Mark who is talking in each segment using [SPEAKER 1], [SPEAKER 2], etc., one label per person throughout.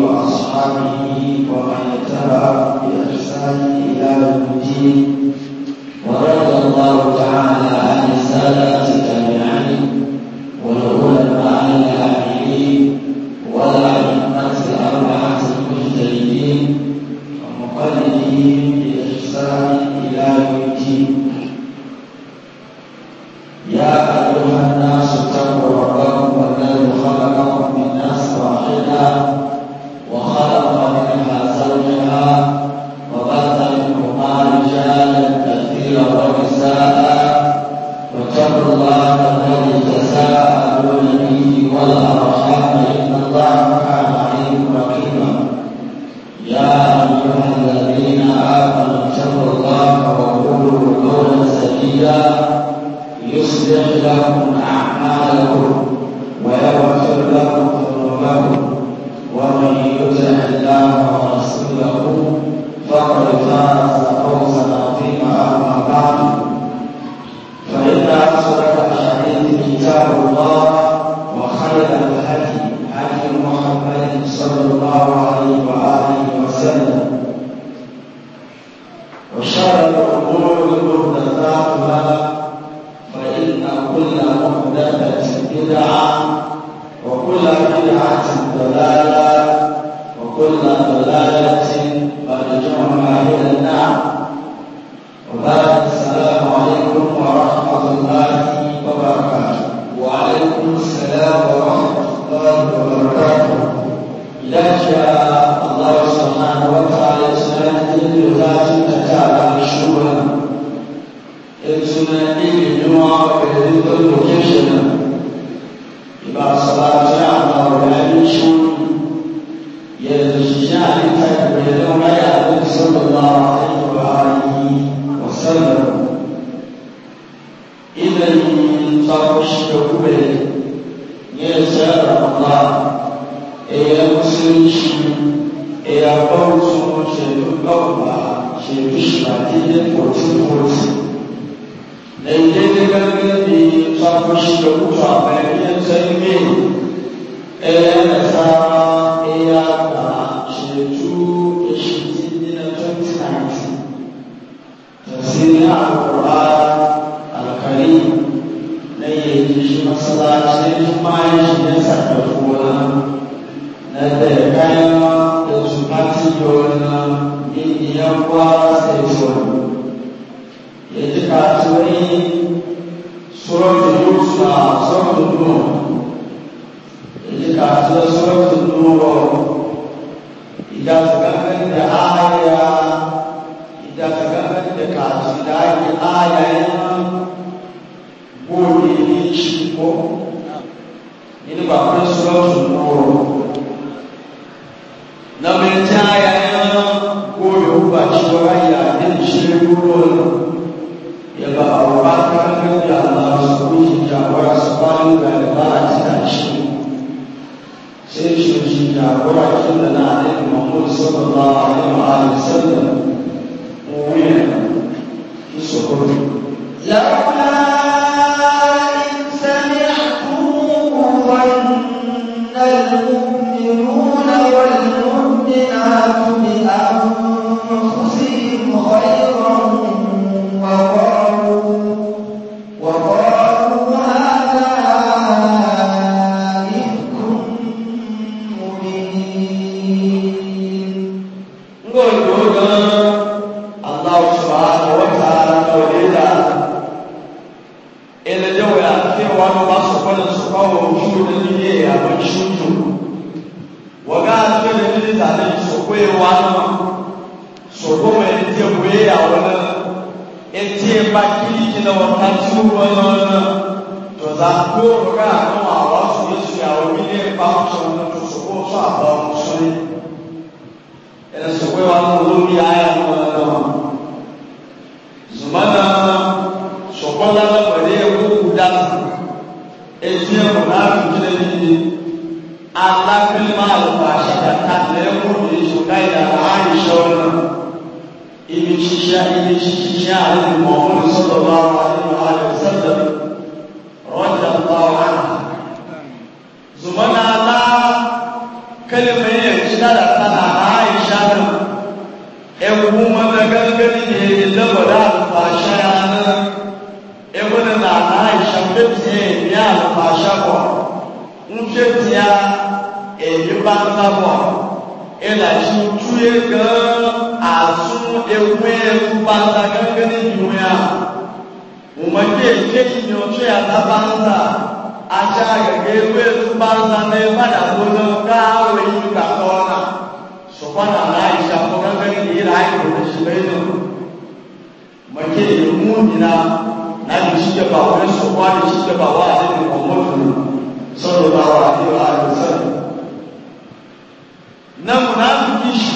[SPEAKER 1] وأصحابه ومن اتبع بإحسان إلى يوم الدين
[SPEAKER 2] واشتكوا ya tsara ba e ya musulunci e ya bautu shaidu ɗauka shaidu
[SPEAKER 1] shafi da kotun-kotu
[SPEAKER 2] da ile da gargaɗi tsakon shi da kuka bayan zarge e ya nasara e ya ga shaidu da shi na 2019 tasirin al-qur'an masallaci kuma shi ya saka kuma na da kayan da su mati da wani yin yan je baki na wakansu wannan to za ko ga kan wa su yi su yawo ne ba su wannan to su ko su ba su ne ina su ko wa mu rubi aya wannan zumana so ko da bare ku da e je mu na ku ne ni Allah kalma al ibi ṣíṣá ibi ṣíṣá àwọn ìmọ̀ọ́mọ́ sọ́dọ̀ bá wà nínú àlẹ́ sọ́dọ̀ rọ́jà bá wà. Zùmọ́nà alá kẹ́lẹ́mẹ́ yẹn ti dára sára àìṣá náà. Ẹ̀wù mọ́mọ́ gẹ́gẹ́ ní ìlẹ́bọ̀dá àlùfàṣá náà. Ẹ̀wù ní nàná àìṣá fẹ́tì yẹn ní àlùfàṣá bọ̀. Ń fẹ́tì yá èyí bá ń sábọ̀. Ẹ̀là ti tú yẹ gan-an. asu ekun eku bata gangan ni dunya umake ke inyo che adabanza aja gege we su banza ne bada bodo ka we yu ka tona so bana na isha ko gangan ni rai ko shi beno make mu dina na ni shi ba wa so kwa ni shi ba wa ne ko mo sallallahu alaihi não sallam na munafiki shi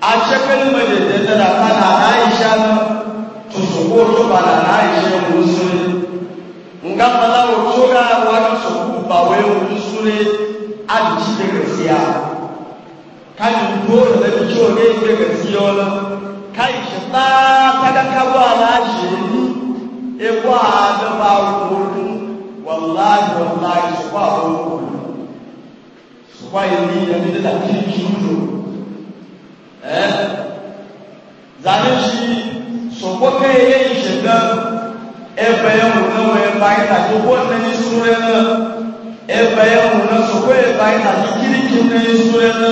[SPEAKER 2] a cikin majalisa da rafa na aisha na tusuko to ba na aisha wusu ne nga fala wusu ga wani suku ba wai wusu ne a jiki da gaskiya kan dole da ciwo ne da gaskiya wala kai shi ta ta ga kawo na shi e kwa da ba wuku wallahi wallahi su ba wuku su ba yi ni da ni da kiki wuku zane shi sɔgbɔ ke ye yi dze ɖe ebe ye ŋu ne wɔ eba yi ta dzi wo ne yi srɔ̃ ɖe ne ebe ye ŋu ne sɔgbɔ eba yi ta dzi kiri kiri ne yi srɔ̃ ɖe ne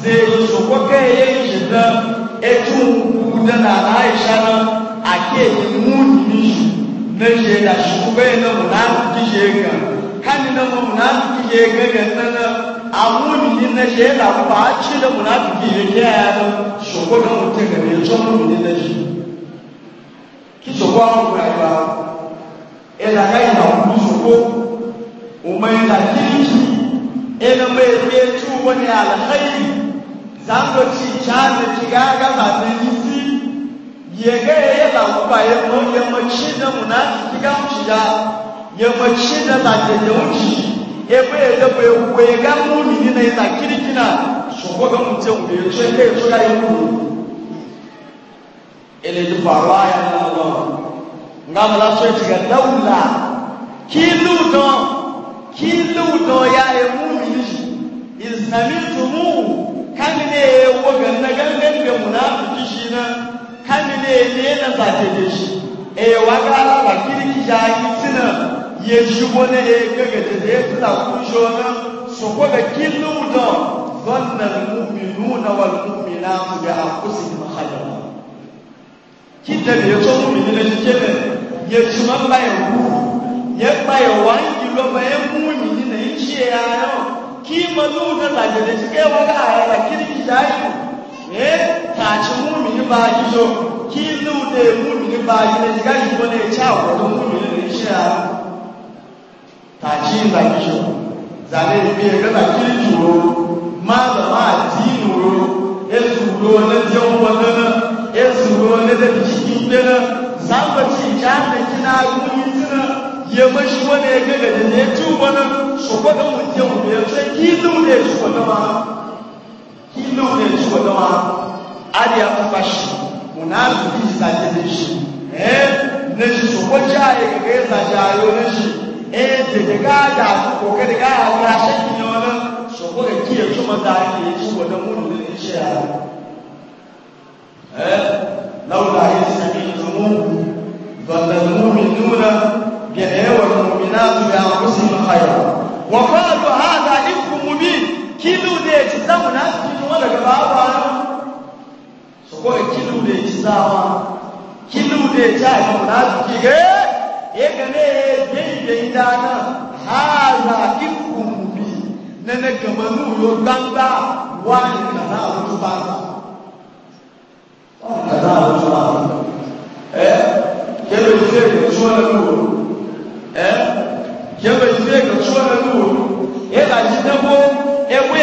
[SPEAKER 2] ze yi sɔgbɔ ke ye yi dze ɖe etu ŋkuku ɖe na na ayisa ne ake yi ŋu nyi ne dze da suku be ne ŋu na ŋu ti dze gan kani ne ŋu na ŋu ti dze gan ne ne amuni na shi la kuma ci da munafiki ya kiyaye su shoko na mutum da mai son muni na shi ki shoko a mu rayuwa ina kai na hudu shoko umai na kirki ina mai fetu wani alhairi zango ci cana ci gaga zanen yisi yega ya yi lakuba ya mace da munafiki ga mu shiga ya mace da zanen da wuce ebe edebe ewuwe ga mumini na ita kirikina sọgbọ ga mu tẹun da eto ẹgbẹ eto ya ewu eleji faruwa ya na lọ nga mala so eti ga daula kilu dọn kilu dọn ya emu mini islami tumu kan ne ewo ga na gangan ga munafiki shi na kan ne ne na zake da shi ewa ga ala kiriki ya yi sinan يجبون إيكاك تديت لأخوشونا سوكوك كيلو دون ظن المؤمنون والمؤمنات بأنفسهم خيرا كده بيتو مؤمنين جكيلة يجمع ما يقول يبقى يوانجي لما يمؤمنين يجي يعنون kima nuna lajele shi kai wani a yana kirki da yi eh taci mumini ba yi so ki nuna mumini ba yi ne shiga shi wani ya ci a wani mumini ne shi a
[SPEAKER 1] tashi zaki
[SPEAKER 2] zane bi ga zaki juro ma zama dinuro ezuro na jan wadana ezuro na da cikin dana samba ci jana kina gumi tana ya mashi wani ya ga da ne ci wani su kwada mutum ya ce kilo ne shi wata ma kilo ne shi wata ma ariya ta bashi munafiki zaki da shi eh na shi su kwaja ya ga ya zaji ayo na shi
[SPEAKER 1] dede gaa da akoko kɛde gaa awura ahyɛ nyinaa
[SPEAKER 2] na sɔgbɔ eki etuma da eki eti wɔ na mu nyina ne hyɛ ara ɛɛ lawula yi sani tumu balamu minuna gɛrɛ wɔ mumina tuya kusi mahaya wakɔɔdo ha da ikumu bi kinu de eti samu na kinu wɔ daga baawa yegane gbẹ̀yìngbẹ̀yìn dáná hàzà ikùn bí nẹ́nẹ́ gẹ̀mọ́nú yóò gbangba wá ní kàdá àwùjọ bá ta. kàdá àwùjọ bá ta. ẹ kébè tí yẹ kẹ tó ẹnu wò ẹ kébè tí yẹ kẹ tó ẹnu wò ẹ làjì dẹ́gbó ewé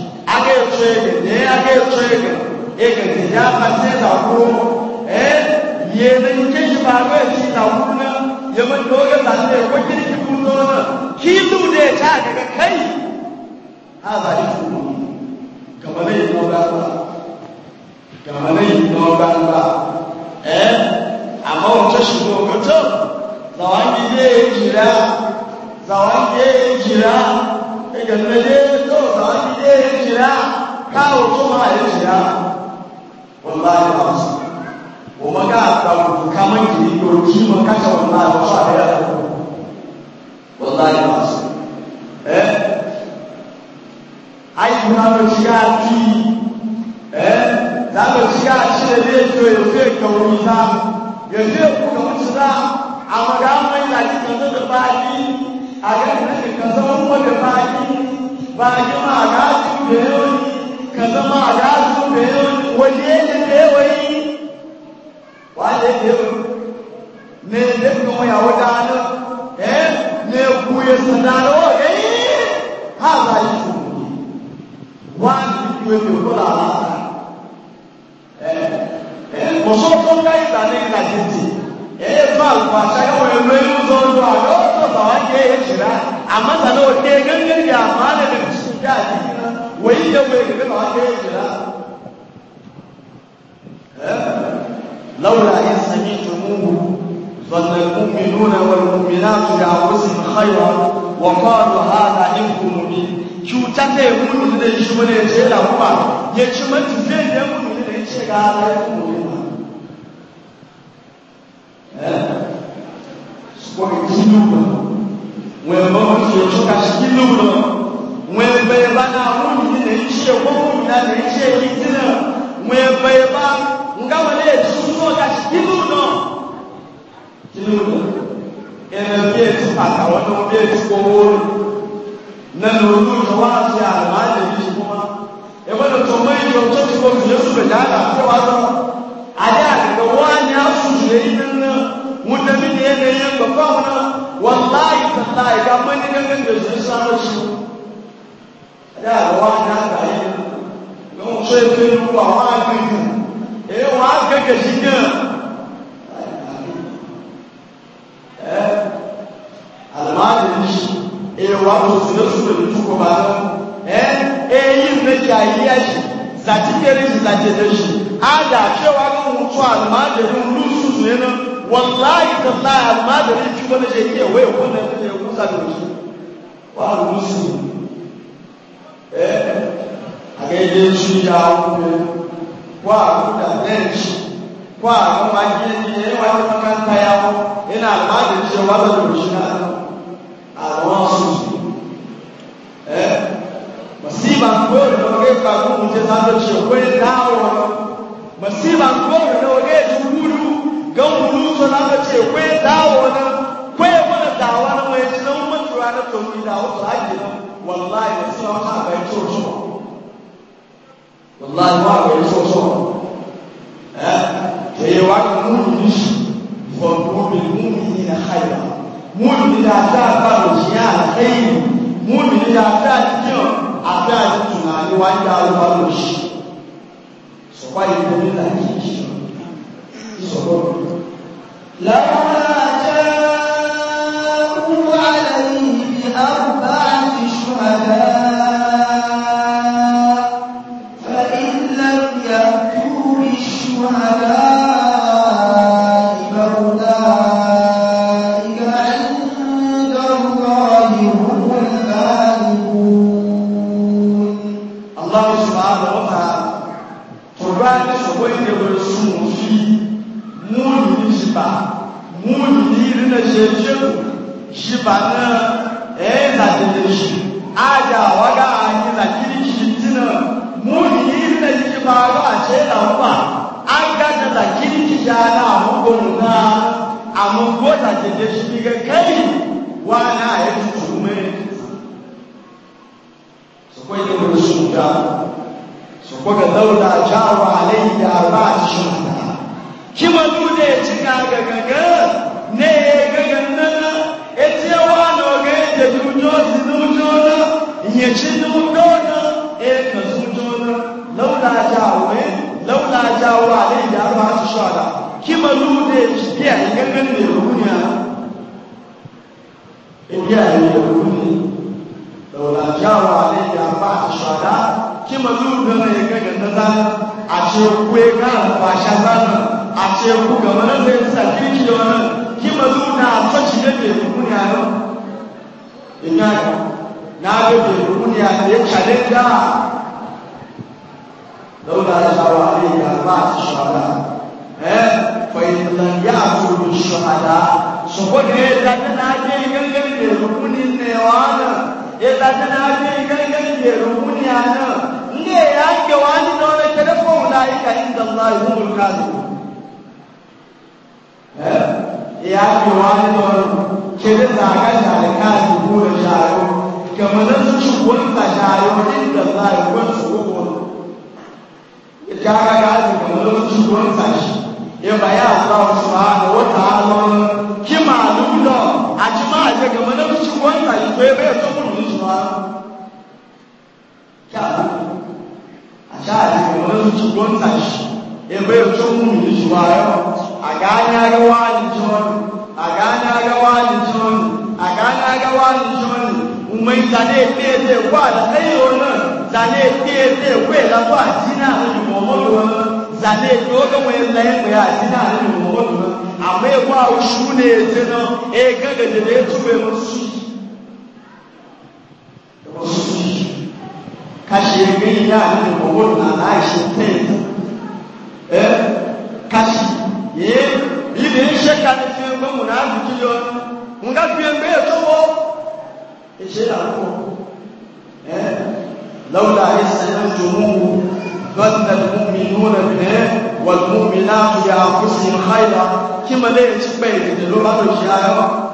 [SPEAKER 2] ake tso ege ne ake tso ege ege te ya ba se da kuro ɛ ye ne ni ke yi ba ko esi da kuro na ye ma do ge da ne ko kiri ki kuru dɔrɔn na ki lu de ta ke ka kai
[SPEAKER 1] ha ba yi kuru
[SPEAKER 2] gama ne yi nɔ ba ba gama ne yi nɔ ba ba ɛ ama o tso si ko ko tso zawangi ye jira zawangi ye jira ìgbẹ̀lẹ́dẹ́ yóò bá ti dé
[SPEAKER 1] ìṣẹ́ra káwọ̀ tó máa yẹ ìṣẹ́ra
[SPEAKER 2] wọn bá yẹ wá sí wọn bá ká àtàwọn ká má kì í yóò jí wọn ká sọ̀rọ̀ náà lọ sọ àbẹ́yà tó wọn bá yẹ wá sí ẹ ayélujára ló ti ká bí ẹ lábẹ́ ti ká ṣe lé ètò ìfẹ́ ìkọ̀wé ìta ìfẹ́ ìkọ̀wé ìta àwọn ọ̀gá wọn ìlànà ìkànnì tó bá yí a ga rashin ka zama kuma da baki baki ma ga su da yawon ka
[SPEAKER 1] zama ga su da
[SPEAKER 2] yawon waje da da yawon waje da yawon ne da kuma ya wadana eh ne ku ya sadaro eh ha za yi su wani ku ya ke kula ala eh eh ko so ko kai da ne na jinti eba kwata yawa yanzu yi zo zuwa yau ba wa ke ya shira amma sana wa ke gangan ya amana da cikin ya cikin wai ya wai ga ba wa ke ya هذا إفك مبين cuta ta yi mutu da shi mana ya ce da ṣùgbọ́n ìdílé wọn wọn ẹ̀ bọ́ fún ṣe ṣọ́ka ṣíkílé wọn wọn ẹ̀ bẹ̀rẹ̀ bá náà wọn ò ní lè ṣe wọ́n kò ní lè ṣe èyí sílẹ̀ wọn ẹ̀ bẹ̀rẹ̀ bá nga wọn lè tún ṣọ́ka ṣíkílé wọn ṣíkílé wọn ẹ̀rẹ̀ bí ètò àtàwọn náà bí ètò owó nínú olóòtú wa ti àlùmáàlì yìí ṣùgbọ́n ẹ̀wọ́n tó mọ ìjọ tó ti kọ́ fìyẹ́sùn rẹ̀ dáadáa fún wa lọ adé àgbẹ̀wọ́ á ní àṣùṣe yìí nínú muna mini yanayin ba fauna wallahi tallahi ga mani gangan da zai samu su da rawa na ta yi don so ya fi ruwa wa biyu eh wa ga ga shi ne eh almadi shi eh wa to su da su da tuko ba eh eh yin da jayiya shi zati kere shi zati da shi ada cewa ga mutu almadi rusu ne nan wallahi tallahi amma da ne ci wani je ke waye wannan da ya kusa da shi wa rusu eh a ga yin shi ya ku wa da ne shi wa ku ma ji ne wa ta makanta ya ku ina amma da ce wa da shi na a rusu eh masiba ko da ga ka ku mu je ta da ce ko dawo masiba ko da ga gan wulu zo na ka ce kwe dawo na kwe mana dawa na mai ci na mun tura na to mun dawo to haji na wallahi da suna ka ga to so
[SPEAKER 1] wallahi wa ga to so eh to
[SPEAKER 2] yi wa ka mun ni fa mun mun ni na khayra mun ni da ta ba shi ya khayri mun ni da ta kiyo a da tunani wa da albarushi so ba yi da ni da kiyo
[SPEAKER 3] sọ̀rọ̀ lọ́wọ́ àjẹ́ òun wà lẹ́yìn ìbí àwọn
[SPEAKER 2] da ke shi ga kai wa na ya tutu
[SPEAKER 1] mai su kwa yi wani shuda su kwa ga zauna jawa alai da ba shuda
[SPEAKER 2] kima dole ya ci na ne ya nana ya ce wa na ga yadda dujo su dujo na jawa alai da ba kima lude bia gangan ne runya
[SPEAKER 1] bia ne runya laula jawa
[SPEAKER 2] alayya ba shada kima lude ne gangan da a ce kuwe ga ba shada a ce ku ga mana da sa kirki da wannan kima lude a tsaci ne ne runya ina na ga ne runya ya challenge laula jawa alayya ba shada فإن لم يعبدوا الشهداء سبحان إذا تناجي ينجل يرمون النيوانا إذا تناجي ينجل يرمون يانا ne ya ke wani da wani kada ko ulaika inda Allah humul kafirun eh ya ke wani da wani kada zaka share kasu ko da sharo kamar su shi wanda sharo inda Allah ya kwansu ko ya kaga kasu kamar su shi wanda ìbá yà àlá ọ̀ṣọ́ àwọ̀ tà á lọ kí màá lùú lọ àti máa yẹ gẹ̀mọ́ náà ṣì wọ́n tà ìgbé bẹ́ẹ̀ tó kùn ní ṣùgbọ́n kí àlá àti àti gẹ̀mọ́ náà ṣì wọ́n tà ìgbé tó kùn ní ṣùgbọ́n ayọ́ àgáyé ayọ́wá ni jọ́ọ̀nù àgáyé ayọ́wá ni jọ́ọ̀nù àgáyé ayọ́wá ni jọ́ọ̀nù ùmọ̀ ìtàlẹ̀ èpè èdè wà lẹ́yìn òun náà ìtàlẹ̀ èpè èdè wẹ̀ lábọ́ àti náà ni mọ̀mọ́ lọ́wọ́ zane ebi wo gama yin na yin ya ti na ni mo wo dun amma e ko shu ne ti na e ga ga de de su mo su ka shi e bi ya na ai shi te eh ka shi ye bi de she ka na bu ki yo nga fi en be e, to wo e she la ko eh laula ظن المؤمنون منه والمؤمنات بأنفسهم خيرا كما لا يتبين لغة الشهادة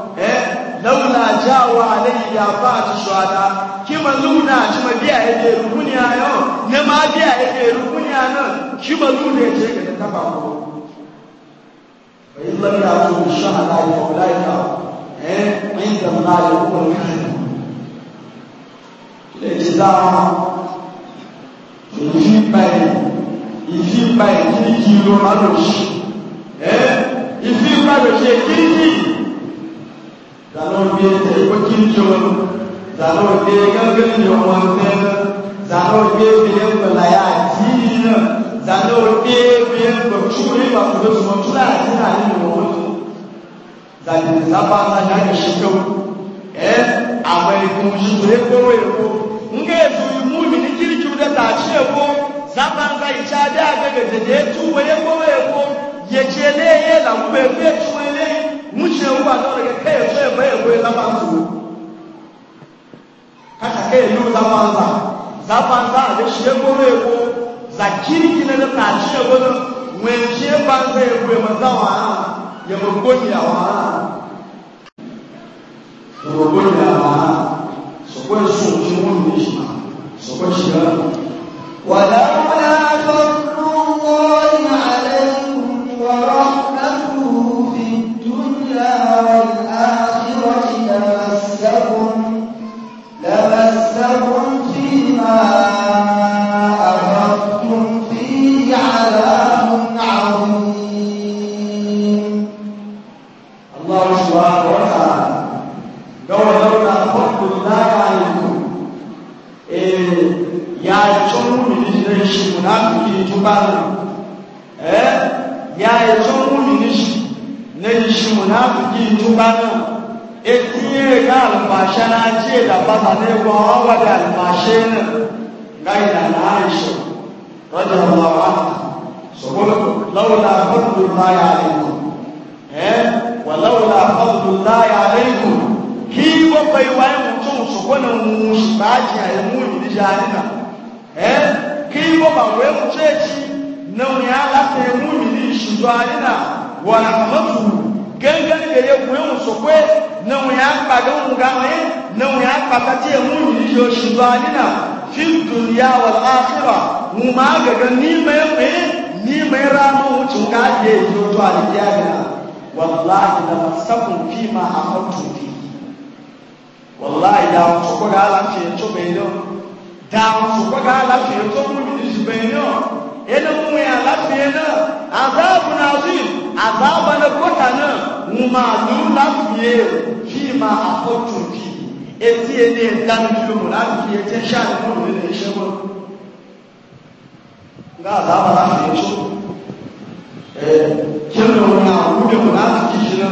[SPEAKER 2] launa jawo alayhi ya fati shada kima luna kima biya yake rukuni a yau ne ma biya yake rukuni a nan kima luna ya ce ka taba ko fa illa ya tu shahada ya ulaika eh inda ma yakun kile jizaa ìfimba yìí ìfimba yìí kiriki ló má lò sí ẹ ìfimba lò sí kiriki zàlọ́ bí ẹsẹ̀ ìwé kiriki wọn zàlọ́ bí gángan yọ wọn fẹ́ zàlọ́ bí ẹsẹ̀ ìgbàlá yà àti yìí náà zàlọ́ bí ẹsẹ̀ ìgbàlá yà àti yìí náà zàlọ́ bí ẹsẹ̀ ìgbàlá yà àti yìí náà zàlọ́ bí ẹsẹ̀ ìgbàlá yà àti yìí náà zàlọ́ bí ẹsẹ̀ ìgbàlá yà àti yìí náà zàlọ́ bí ẹsẹ̀ ìgbàlá yà àti yìí náà zàlọ́ bí ẹsẹ̀ ìgbàlá yà àti yìí náà zàlọ́ bí ẹsẹ̀ ìgbàlá yà àti yìí náà zàlọ́ yìí da tashe ko zaman zai ca da ga gaje da ya tuba ya ko ya ko ya ce ne ya la mu be be tuba ne mu ce wa da daga kai so ya bai ko ya zama su kaka kai yi zaman za zaman za da shi ya ko ya ko zakiri kina da tashe ko da wen ce ban zai ko ya mazawa ya mabon yawa
[SPEAKER 1] mabon yawa su kwan su mun ne shi ma So what you got?
[SPEAKER 2] ga alfashe na ce da fasa ne gwawa wa da alfashe na gai da na aisha rajar lawa su kuma laula fadlun la ya alaikum eh wa laula fadlun la ya alaikum ki wa bai wa mutum su kuma mu shi ba ji a yi mu ni jarina eh ki wa ba wai mu ce ci nan ya mu ni shi jarina wa rahmatu gangan gare kuyen su kwe na wuya kpaga mu gamaye na wuya kpata ce mu yiyo shi zalina fi duniya wal akhira mu ma gaga ni mai mai ni mai ramu wucin ka ke yiyo to alkiyama wallahi la masakun fi ma akhatu fi wallahi da su ko ga la ce to bai no da su ko ga la ce to mu ni shi bai no yana mu ya la ce na azabun azim azaba na kota na ŋuma nu la fie fi ma afɔtu fi eti yɛ ne da nu fi mu la fie tɛ sa nu mu ne se mo nga azaba la fie so ɛɛ kyɛnɛ wo na wu de mu la fi si na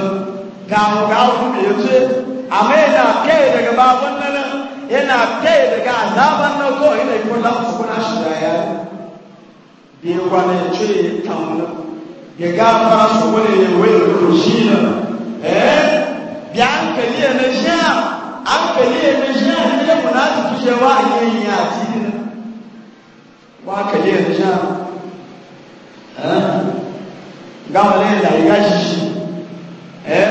[SPEAKER 2] gaŋ gaŋ fu de yɛ tse ame yɛ na kɛ yɛ dɛgɛ ba bɔ nana yɛ na kɛ yɛ dɛgɛ azaba na kɔ yɛ na yɛ kɔ la fo na si da yɛ gẹ̀gá fara sọ́wọ́ lè yẹ̀wé ìrò sí iná ẹ́ bí a ń pẹ̀lú ẹ̀mẹ́ ṣẹ́ à á ń pẹ̀lú ẹ̀mẹ́ ṣẹ́ à ní ẹ̀mù láti fi ṣe wá ìyẹn àti ìdínà wá pẹ̀lú ẹ̀mẹ́ ṣẹ́ à gáwọn lẹ́yìn làyíká ṣíṣí ẹ́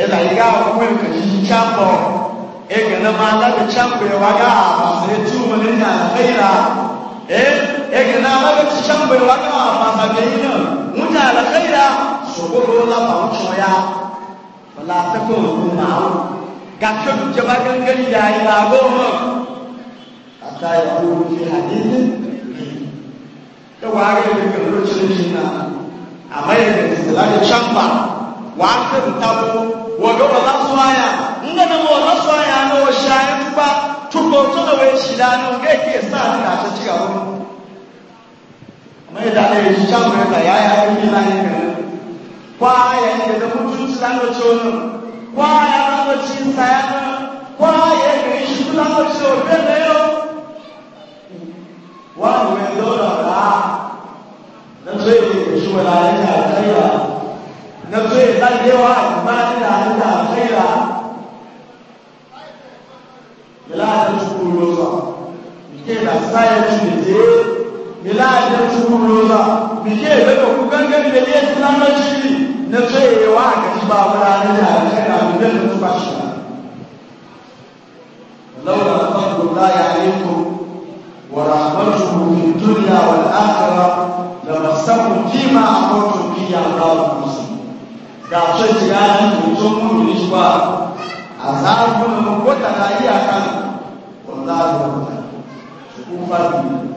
[SPEAKER 2] ẹ̀ làyíká ọkùnrin nǹkan ṣíṣí chápọ̀ ẹ̀ gẹ̀nà máa láti chápọ̀ ẹ̀ wá gá àbàṣẹ́ tí ó mọ̀ lẹ́yìn àlàfẹ́ ìlà ẹ̀ gẹ̀nà máa láti chápọ̀ ẹ̀ wá gá àbàṣẹ́ ìlà mújà àlàfẹ́ ìyá ṣògbógbó lábà ń sọ ya ọ̀là àtẹ́kọ̀ òkú máa ń gàkẹ́ òjọba gẹ́gẹ́ ìyá ìlà àgọ́mọ̀ àtàyà òkú fi àdínní ẹwà rẹ̀ ní kẹ̀lú lóṣèlú náà àmọ́ ẹ̀rẹ̀ ìsìlá ní champa wàá fẹ́ ìtàbó wọ̀gẹ́ wọ̀ lásán àyà ńlẹ́nu wọ̀ lásán àyà ní ọ̀ṣà ẹ̀ tukọ̀ tó lọ́wọ́ èṣìlá ní ọ̀gẹ́ ìkẹ́ sáà ní àṣẹ mai e, e da ɗaya shi can mai da ya yi aiki na yi kan kwa ya yi da mutunci na da cewa kwa ya na da ci saya na kwa ya yi shi kula da cewa bai da yau wa mai dora da na zai da shi wa lalai da kaira na zai tsallewa ba da da kaira ila da shi kuro sa ke da sayar shi da milade turuza bije daga ku gangan da ne islamanci na tsayewa a kashi ba wurare da alkhaira da da tuba shi laula fadlu allah alaykum wa rahmatuhu fi dunya wal akhirah la masakum fima aqutu fi allah muslim da ce jira ni mutum mun shi ba azabun ko ta iya kan wallahi ko ta ku fadi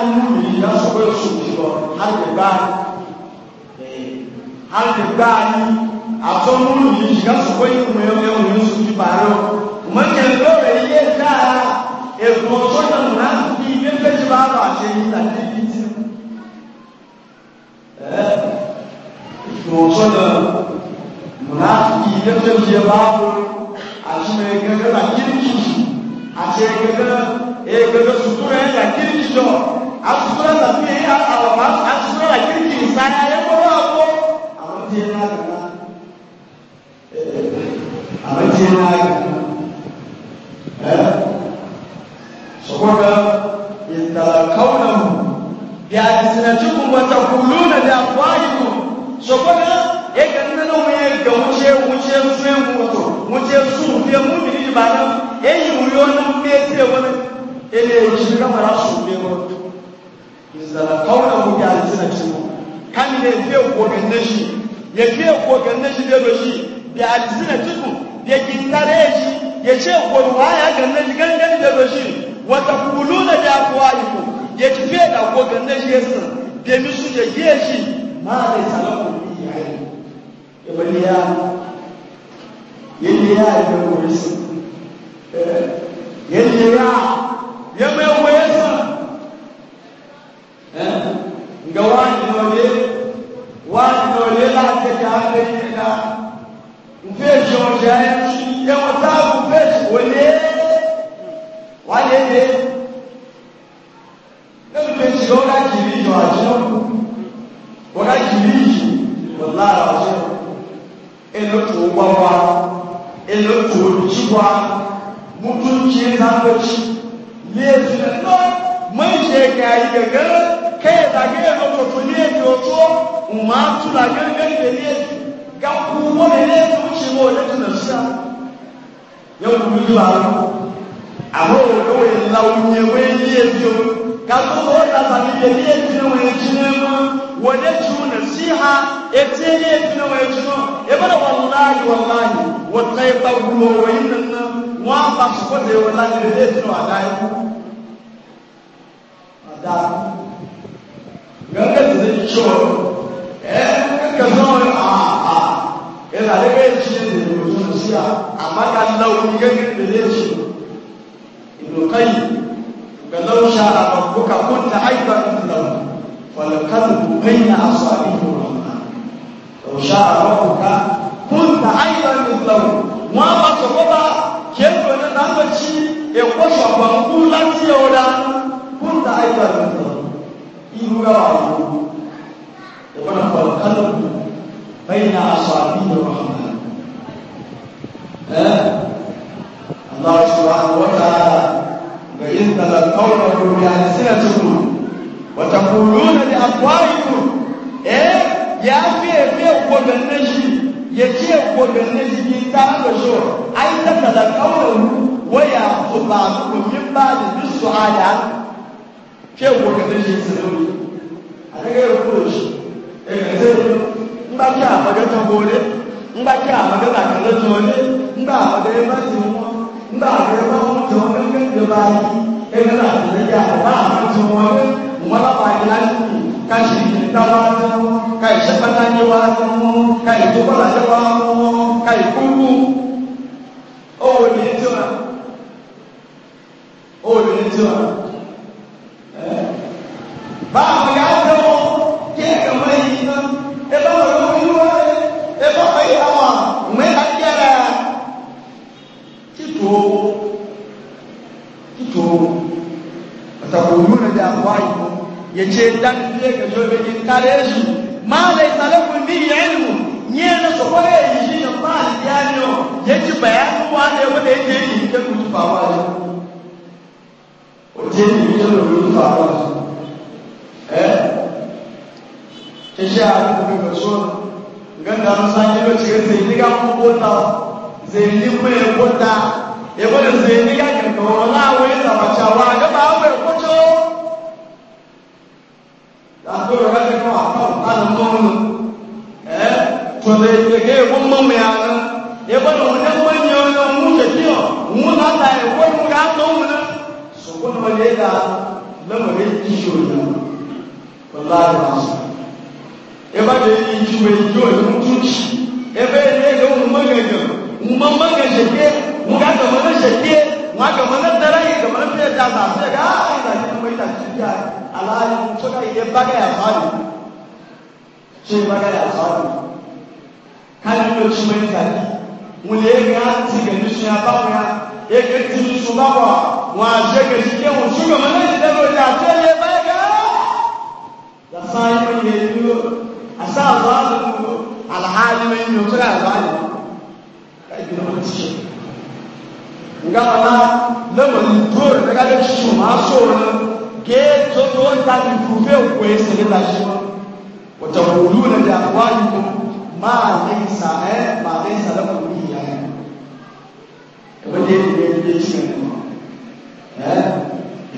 [SPEAKER 2] ba hali ba yi afɔ mulu yi shiga sɔgbɔ yi kun yɛ como wuli suti ba yɔ mɛ kɛ lɔri yɛ ta egbɔ sɔgbɔ na bi yɛ bɛ ti ba lɔ ase yi la ti bi ti
[SPEAKER 1] ɛ egbɔ
[SPEAKER 2] sɔgbɔ na bi yɛ que ti ba lɔ ase yɛ gɛgɛ la kiri tutu ase yɛ gɛgɛ yɛ gɛgɛ sutura yɛ la kiri tutu. asura na fi yi alama asura na kirki sani a yabo wa ko a mace
[SPEAKER 1] na gana a mace na gana su kuma
[SPEAKER 2] intalakaunahu ya asinatikum wa taquluna li afwahikum so kuma e ganna no me ga wuce wuce zuwe mutu wuce su be mu'mini ba nan e yi wuri wannan be ce wani ele shi kamar su be mutu misala kauna mu ya ji na ciwo kan ne fiye kogan na shi ya fiye kogan na shi gaba shi da alisi na cikin ya gindare shi ya ce kowa ya ganna shi gangan gaba shi wata kulu na da kuwa iko ya ci fiye da kogan na shi ya sun da misu ya giye shi ma da salamu ya yi ya bani ya yadda ya yi da kuri su yadda ya ya Eh? nga wanyi nole wanyi nole lateka akenyeka
[SPEAKER 1] mfejonja yawatabu mfeji wole walende
[SPEAKER 2] nemfeji wakajibiji wajino wakajibiji walara e wajino elotuubawa elotuolujibwa mutu e nchiezambechi liezile e no mwenjeka igagara kai da no yau to to ne yo to ma tu la ga ga ne ne ga ku mo ne ne to shi mo ne to sa yau mu yi wa awo do we la u ne we ye yo ka ko ko la ba ni ye ye ne we ji ne mo wo ne tu ne si ha e te ye ne we ji mo e ba wallahi wallahi wa tay ba wo we ne wa ba ko de wallahi ne ne to ada ku ada ganga da zai ciwo eh kanka zama a a yana da kai shi ne da mutum siya amma kan launi ganin da zai shi ibn qayyim ga lausha a rabbuka kunta aidan lahu wal qalbu bayna asabihi rahman lausha a rabbuka kunta aidan lahu
[SPEAKER 1] wa ba ko
[SPEAKER 2] ba ke ko na dan baci e ko so ba ku lati yoda kunta aidan lahu ilu gawa ko da wannan falkalu baina eh Allah subhanahu wa ta'ala ga inna al-qawla bi alsinatikum wa taquluna eh ya fi fi ko ganin shi ya ce ko ganin shi ta ga shi ai ta da qawlu wa ya khutba min ṣé òun kò tẹ̀lé
[SPEAKER 1] ṣe ìṣẹ̀lẹ̀ òní àtẹ́gẹ́ òkúròṣì ẹ̀kẹ́tẹ́ ńgbà kí àfọ̀gẹ́tọ̀ wọlé ńgbà kí àfọ̀gẹ́tà kẹlẹ́ tó wọlé ńgbà àfọ̀gẹ́ bá ti wọn
[SPEAKER 2] ńgbà àfọ̀gẹ́ bá wọn tó wọn gẹ́gẹ́ ìjọba ẹgbẹ́ àtẹ̀lẹ́gẹ́ àbá àwọn tó wọn wọn lápá ìlànà kashi dawata kai shafata ne wata kai tubala shawa kai kuku o ne jiwa o ne jiwa báwo yà á dánwó kí ẹ kàn máa yin náà ẹ bá wọn lọ wí wá ẹ bá wọn yà wọn mẹ ká jẹrẹ títò títò pàtàkì olú rẹ dà wá yìí yẹ kye dánwó bí ẹ kàn yọ bẹ yìí ká lè zù máa lè sàlẹ̀ fún mi yẹn lù nyɛ ne sɔkɔ yɛ yi yi yɛ faa yi yɛ nyɔ yɛ ti bɛɛ wɔ a lɛ wɔ lɛ yɛ yi yɛ kutu fa wa yɛ o ti ní ìjọ lórí ìfà wọn ẹ iṣẹ àdúgbò ìgbésọ gánà sá ẹgbẹ tí kẹsì nígbà kókó náà zèyí ní pé ẹkọ ta ẹkọ lè zèyí nígbà kẹkọ wọn láwọn ìsàmàṣà wa àgbẹbà àwọn ẹkọ tó àti ọ̀rọ̀ láti fún àpá àti mọ́nù ẹ tọ̀lẹ̀ ìgbẹ̀gẹ́ ìwọ́n mọ́mọ́ ya ni ẹgbẹ́ ni wọ́n ní wọ́n ní ọ̀nà òun ṣe fi hàn òun náà ta lamarin da lamarin kishiyo ne wallahi ba su ebe da yi ji mai yiwu da mutunci ebe ne ga mu magaga mu man maga shake mu ga ga mana shake mu ga mana darai ga mana fiye da za su ga ai da shi mai da shi ya alhali mu suka yi baga ya fadi shi baga ya fadi kan yi da shi mai da mu ne ga su ga ni ba mu ya ya ga ji su ba ba wọn àṣẹ kẹsì pé wọn ṣúgbọ́n mọ́ lẹ́yìn tẹ́lẹ̀ ọjà àtẹ́lẹ̀ báyìí gá. Yàtọ̀ ayé mọ̀ ní ẹni ló àṣà àbọ̀ àlùkò àlàhálì mọ̀ ní ọjọ́ àbọ̀ àlùkò. Káyọ̀ ló ti ṣe. Nga wọn lẹ́wọ̀n ní dúró rẹ̀ ká lè rẹ̀ dẹ̀ àbọ̀ àlùkò máa lè sà ẹ́ máa lè sà lọ́kùnrin ìyá ẹ̀. Ẹ̀wọ́n dé ilé ilé ṣe ẹ̀kọ́ ya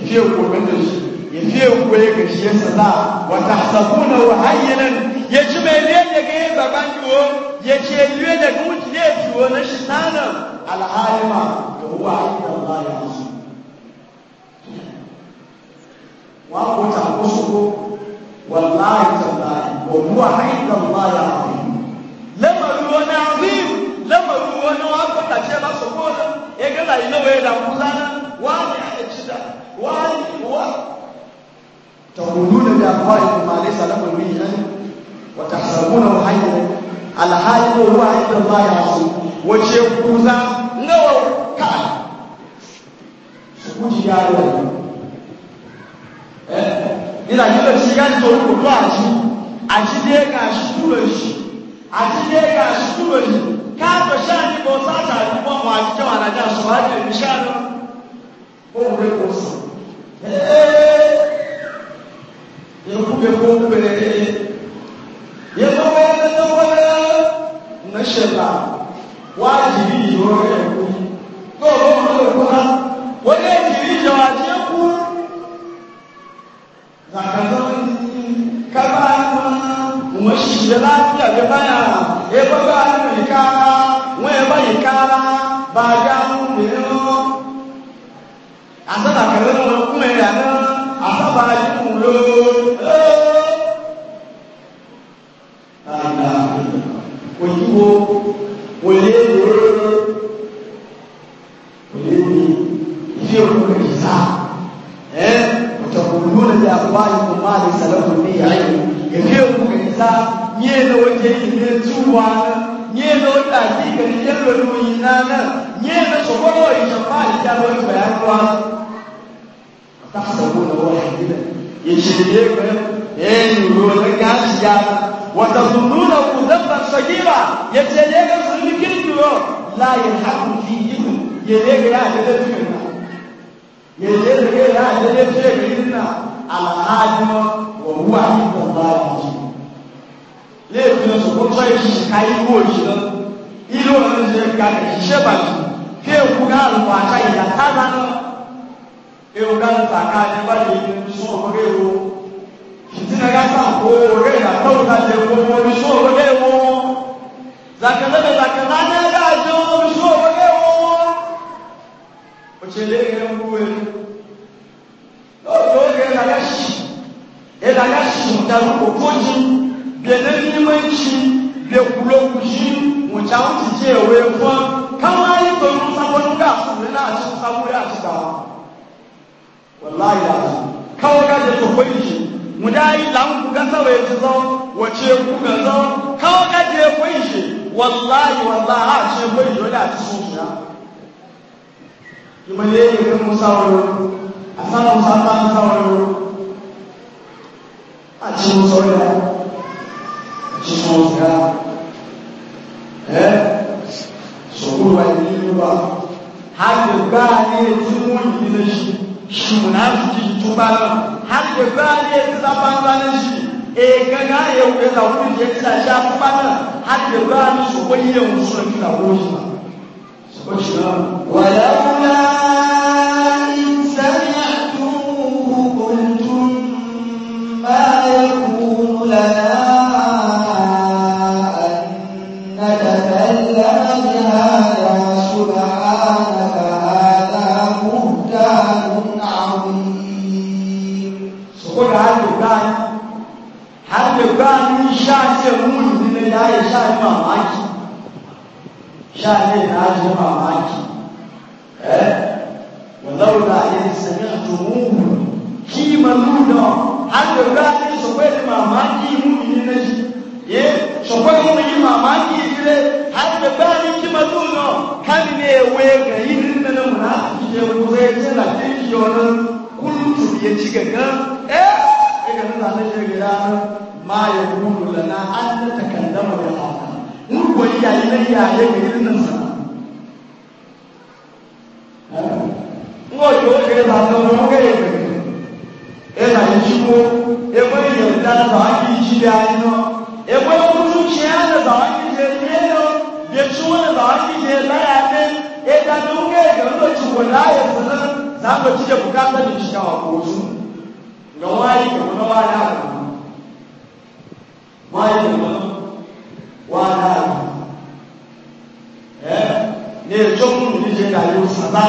[SPEAKER 2] fiye kokarin su ya fiye koyi ga shi yasa za wa tahsabuna wa hayyanan ya ci mai ne da ga baban yiwo ya ce liwe da gudu ne yiwo na shi nanan alhalima da huwa inda Allah ya musu wa ko ta musu wallahi tallahi wa huwa inda Allah ya musu lamarin wani azim lamarin wani wa ko ta ce ba su ko ya ga rayuwa ya da kuzana واضحة جدا تقولون بأفواهكم ما ليس لكم به علم وتحسبونه حيا الحي هو عند الله عظيم وشيخوزا نو كان سكوتي يا رب nígbà tí lè ṣe gáàsì torí kò tó àjí àjídé ká ṣubú lè ṣì àjídé ká ṣubú lè ṣì káàtó ṣáà ní bọ́ sáàtà àdúgbò àwọn àjíjọ́ àdájá ṣùgbọ́n àjẹ́ ìṣáà náà ohun rẹ̀ kò sùn ẹ́ẹ́ ìrúkúgbẹ̀ kó pẹ̀lẹ̀ yẹ kó wẹ́rẹ́ tó wẹ́rẹ́ nẹ́ṣẹ̀lá wá jìrì ìrọ̀ rẹ̀ kú tó lọ́wọ́ rẹ̀ kú ha wọ́n yẹ jìrì ìjọ àti ẹkú làkàtọ́
[SPEAKER 1] kábà wọ́n ṣiṣẹ́ láti bàjá ń
[SPEAKER 2] bẹ̀rẹ̀ lọ́wọ́ asala kẹlẹ lọ kún ẹ yàrá asaba yìí kù
[SPEAKER 1] lóo.
[SPEAKER 2] shirye ka eh yuro na gashiya wa tazununa ku dabba sagira yace ne ga sun likin duro la yahqu fi yikum ye ne ga ya da fiye ye ne ga ya da fiye inna ewu ɖe ŋuta ka ne va yi nusrɔ̃ ƒe ɖe wo fitina ya sa ko ɖe yàtɔ wo ta dze ko wo nusrɔ̃ ƒe ɖe wo zakele le zakele ane ya dze wo nusrɔ̃ ƒe ɖe wo o tse le ye ŋu wo lɔri o ye la ya si ye la ya si ŋuta ŋu o to dzi bie ne fi me ŋtsi bie kulo kusi ŋutsa ŋuti dzi ewe fɔ kama yi to nusafɔ nu ka su ne na ati nusafɔ ya ti ta wa wallahi ya kawo ga da kwai shi mu dai lan ku ga sawaye ji zo wace ku ga zo kawo ga da kwai shi wallahi wallahi a ce kwai shi da ci su ya kuma ne ya ga musa a sana musa ta musa wani a ci musa wani a ci musa wani eh so kuma ba ni ba har ga ne tun mun yi shi munafiki to ba har da ba ne ta ban ranar shi e gaga ya wuce da wuri da ta sha kuma nan har da ba ni su wani yau ya sha ni mamaki sha ne na ji mamaki eh walaula in sami'tumuhu ki manuna har da ra'ayi su kai mamaki mu'mini na shi eh su kai mu'mini mamaki dire har da bani ki manuna kan ne we ga yin nan na munafiki je ko sai da kin yonan kullu ya ci gaga eh yanzu na na shirya ma ya gudu lana an ta takandama da haka mun koyi yayi na yaye ga irin sa ngo yo ke da ta mu ga e na yi shigo e ko yi da ta ba ki shi da yi no e ko ku su shi da ba ki je ne no ye su da ba ki je la ya ne e da du ke ga no ci ko la za ko ci da bukatar shi ta su ga wani ga wani wani haka wani ga wani wani haka ne ya ce kuma ne je gayo saba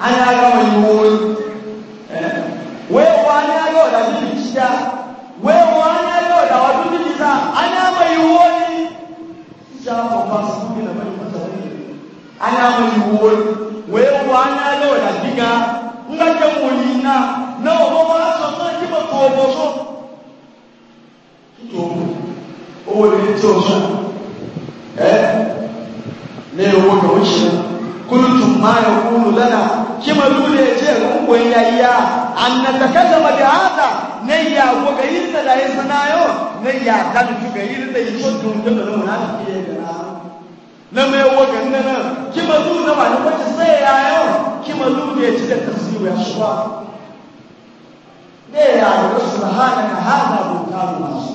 [SPEAKER 1] an ya ga wani wuri wai wani ya ga wani bibi
[SPEAKER 2] shida wai wani ya ga wani wani bibi sa an ya mai wuri ya ba ba su kuma da mai mutane an ya mai wuri wai wani ya ga wani biga nga ke wuri na na wani ọmọ sọ nítorí owó ní tí o sọ ẹ ní owó ní o ṣe kúlùtù máa yọ kúlù lẹ́nà kí mo lù lè jẹ́ ìrúnkò ìyá ìyá ànàtàkẹ́sẹ̀ wọ̀dẹ̀ àádà ní ìyá àwọn kẹ̀yí ní ìyá ìsìn náà yọ ní ìyá àdájú kẹ̀yí ní ìyá ìsìn tó ń jẹ́ pẹ̀lú wọn ne ya yi wasu subhana ka hada bauta mu masu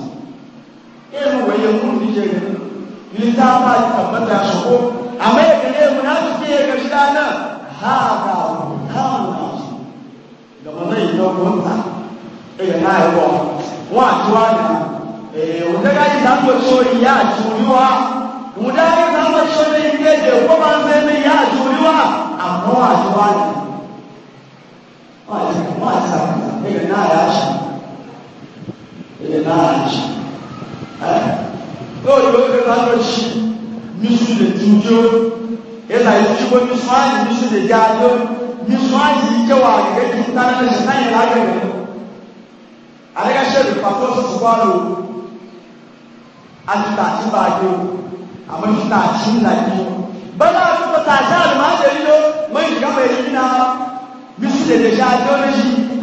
[SPEAKER 2] irin waye mun ni je ne ni ta ba tabbata shi ko amma ya gare mu na su ke ga shi dana hada
[SPEAKER 1] bauta mu masu da wannan yau
[SPEAKER 2] mun ta eh na yi wa wa tuwa ne eh wanda ga yi zan so ya tuwa wanda ga yi zan so ne ke je ko ba zai ne ya tuwa amma wa tuwa ne wa tuwa ele não acha. Ele não acha. É? Eu olho ele lá no X, nisso de tudo, ele aí tipo missões, nisso de diário, missões que eu acho que está na minha na minha lágrima. Aí que chega, passou o subaru, agitativo aqui, àmọ́ agitativo daqui. Bala a tá já, mas ele não, mãe, calma aí, não. Nisso de diário, ele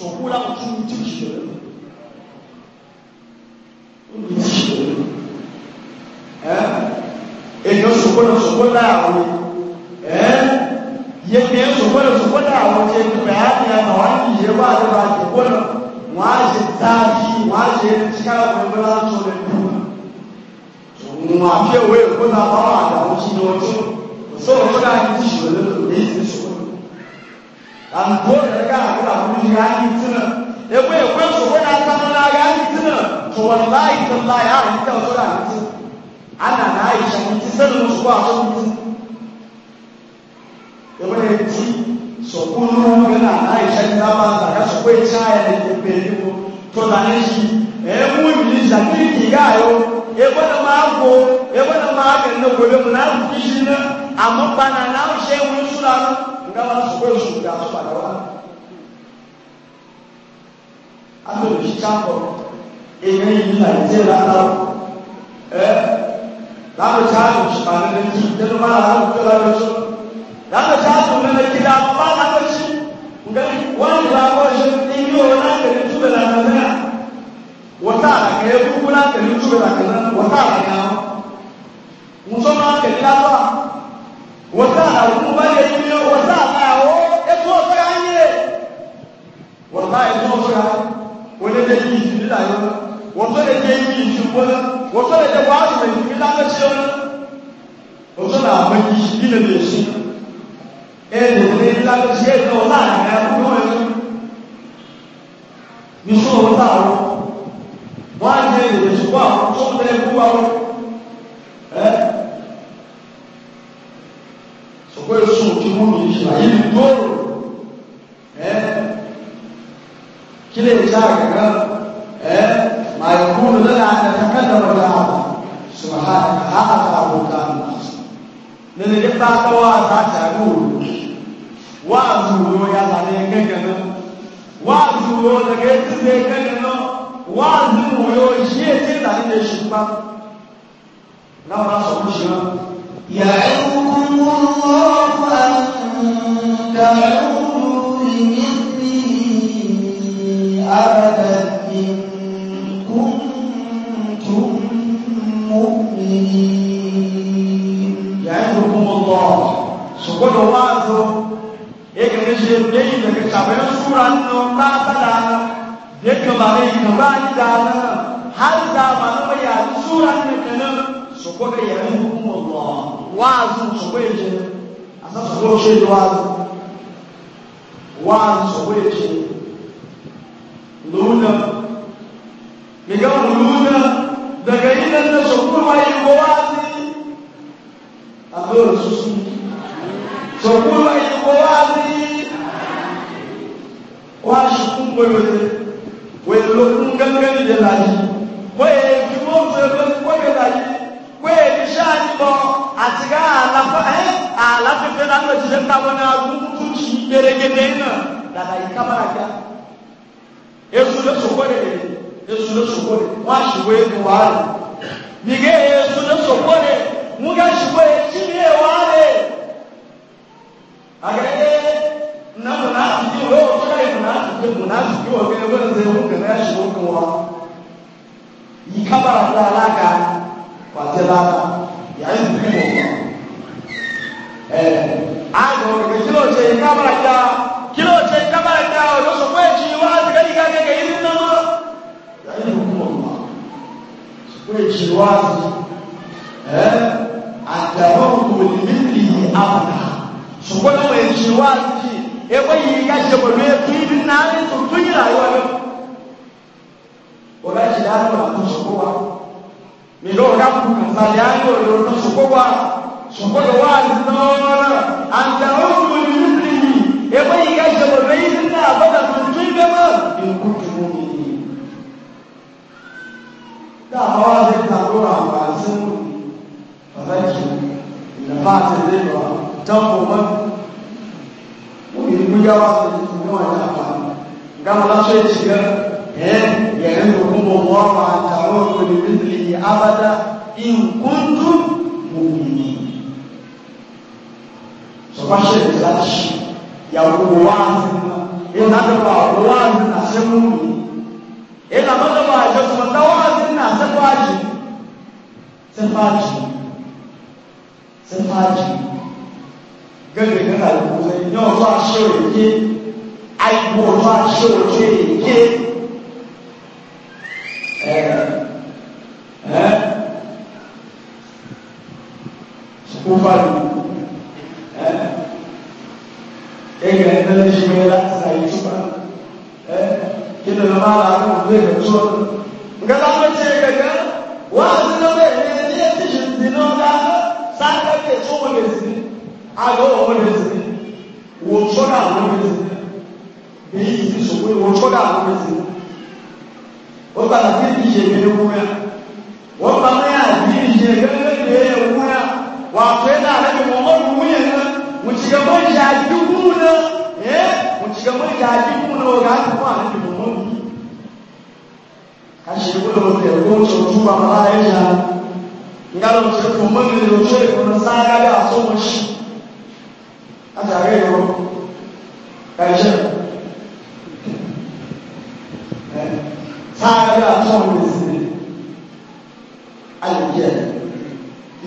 [SPEAKER 2] sọ̀kú láwọn
[SPEAKER 1] tún ti ṣe rẹ̀
[SPEAKER 2] olù ti ṣe rẹ̀ ẹ́ èèyàn sọ̀kú náà sọ̀kú láàwọ̀ ẹ́ yẹ̀kẹ́ sọ̀kú náà sọ̀kú láàwọ̀ jẹ́ pípẹ́ àti àwọn àkìyẹ wà lọ́wọ́ àjẹ̀kọ́ náà wọ́n á ṣe táàbí wọ́n á ṣe ṣíkà ọ̀gbẹ́gbẹ́ láti sọ̀rọ̀ ẹ̀dùn wọn àfihàn òwe ìkó náà bá wà àdàwọn kí ni wọ́n tún sọ̀rọ̀ fúnra ẹni tí ìṣòro lè ṣe sọ̀rọ̀ àǹgbó rẹ̀ ká àgbà fúnmi yá ní tínà ewé ìwé òṣòwò náà tábọ́lá yá ní tínà tòwọ̀n láì tó láì àrùn níta òṣòwò àrùn tí àná náà ìṣàkóso sẹ́nu òṣòwò àtọ́kù tí ewé ti sọ̀kú lóhùn rẹ̀ náà náà ìṣàkóso náà máa ń tàkà sọ̀kú ìṣá ẹ̀ ní ìpè níbo tó dà ní ṣi ẹ̀ mú ìbìlì ìṣàkíríkì gáàyò ewé náà máa ń wo ewé náà máa ń kẹ̀ káwá sọ pé oṣù ìgbà tó padà wá. a tó lè ṣí káàpọ̀ èèyàn yìí nílà ìdí ẹ̀ lára ẹ̀ láti ṣáàtò ṣùgbọ́n àgbẹ̀ kí nínú máa láti tó láti ṣọ́ láti ṣáàtò nínú kí dáa bá láti ṣí wọ́n ń gba ọkọ̀ ṣe ní ìlú láti rí túbẹ̀ láti rí wọ́tá àkàyẹ kúkú láti rí túbẹ̀ láti rí wọ́tá àkàyẹ àwọn. mo sọ máa kẹ̀lé lábọ́ wọ́tá àlùkù bá yẹ yín lọ wọ́tá àláwọ́ ẹ̀kọ́ ọ̀fẹ́ ayé wọ́tá ẹ̀kọ́ ọ̀fẹ́ wọlé dé yìí ìsìn nílà yọ wọ́tọ́ lè dé yìí ìsìn wọlé wọ́tọ́ lè dé wàá sùn ìsìn nílà lọ sí ọ̀nà wọ́tọ́ là àwọn yìí ìsìn nílẹ̀ lè sí ẹ̀ lè dé nílà lọ sí ẹ̀kọ́ ọ̀la àgbà ẹ̀kọ́ ẹ̀kọ́ ní sọ wọ́tá àlọ́ wọ́n á jẹ́ ìrẹsì àwọn tó ń ko esu ti mu ni yi la yi doro ɛɛ kile ja gaga ɛɛ maa yi kun da ama subahana ka a ta ko ta ma de ba ta wa ta ta ko wa zuro ya la ne gɛgɛ na wa zuro na gɛ ti se gɛgɛ na wa zuro yo zie de su pa n'a ma sɔn ko
[SPEAKER 3] يعظكم الله أن تعودوا
[SPEAKER 1] لمثله أبدا إن
[SPEAKER 2] كنتم مؤمنين الله سبحانه وتعالى yake ne shi ne yi daga shabayin sura nan ba ta da ya kamare yi kamar da har da malamai ya sura ne kanan الله وعظ صبيته أساس هو شيء وعظ وعظ صبيته لونا ميقام لونا دقائنا أن شكور ما يقوازي أدور سوسي شكور ما يقوازي وعشكم بيوتي ويلوكم كم كم جلالي ويجبون سيبن ويجلالي kó èdè sáàtì bọ̀ àti ká àlàfo ẹ́ àlàfẹ́fẹ́ lánàá òṣìṣẹ́ tábọ̀ náà kúkú sí gbèrègbèrè náà dàda yìí kábàrà já èso ló sòkò rè èso ló sòkò rè wọ́n á ṣòwò ètò wà rè nìgé èso ló sòkò rè mú ká ṣòwò ètí ní èwà rè àgẹ́gẹ́ nà múnà wọ́n wọ́n yẹ múnà àtìkí wọ́n kẹ́lẹ́ wàtẹ́lára yàrá ìdúgbò wọn. ẹ̀ àgbọ̀n òkè kí ló ṣe kábàrà já kí ló ṣe kábàrà já ọ̀dọ́ sọ pé èjì wá àtìkẹ́yìká kẹ̀kẹ́ yìí nínú náà. yàrá ìdúgbò wọn sọ pé èjì wá àti ẹ̀ àtẹ̀wọ́ òní níbi àbàdà sọ pé àwọn èjì wá àti ẹgbẹ́ yìí yá ṣe pẹ̀lú ẹkú ibi náà ní tuntun yìí láyọ̀ ọ̀dọ́. ọ̀rẹ́ ìṣẹ̀lẹ̀ àgbà tó sọ pé wà á milora mbaliani walionosokogwa sokoyo wazinona antaomu bimislihi ebayigajababeizinda abada tuntwibema inkutu mumini dahawaze tangora ambazimu fadhaitu inafatezedwa tamboma mubirikujawaseitumiwanyapa ngamalasoeciga eh, yayendokumbomuwafa antaomu bimislihi abada ìkúndú òmìnì sọfáṣẹ ìdáṣì yàwó wáàzì náà ìnàdọ̀bà wáàzì náà sẹ́kùnmù ìnàdọ̀bà àjọsọ̀tà wáàzì náà sẹ́kùnmù sẹ́kùnmù sẹ́kùnmù gẹ́gẹ́ gẹ́gẹ́ àlùkò ẹ̀yìn náà fún aṣọ èké àìkú ọ̀fọ̀ aṣọ èké èké. kúfàlù ẹgbẹ̀ ẹgbẹ̀lẹ́ ṣe mẹ́ra ṣàyí túbà kí lọ máa láàrín òun lè tó ọdún nǹkan tó ṣe gẹ̀gẹ́ wọ́n á O lọ́wọ́ ẹ̀mí ní ẹ̀tí ṣe ti ní ọ̀dá sáàkẹ́kẹ́ tó wọ́n lè sí àgọ́ wọ́n lè sí wọ́n sọ́dà wọ́n lè sí bí i ti ṣòwò wọ́n sọ́dà wọ́n lè sí wọ́n gbàdá sí ìdíje mi ní wúwẹ́ wọ́n wato yana rage mamar ruwuyan nan mu ci gaban jaji kuna eh mu ci gaban jaji kuna wa ga ta kuma rage mamar ruwi ka shi ku da wanda ya ko ce ku ba mala ya ja ngalo mu ci kuma mun ne ce ko da so mu a tare da ro da so mu ne al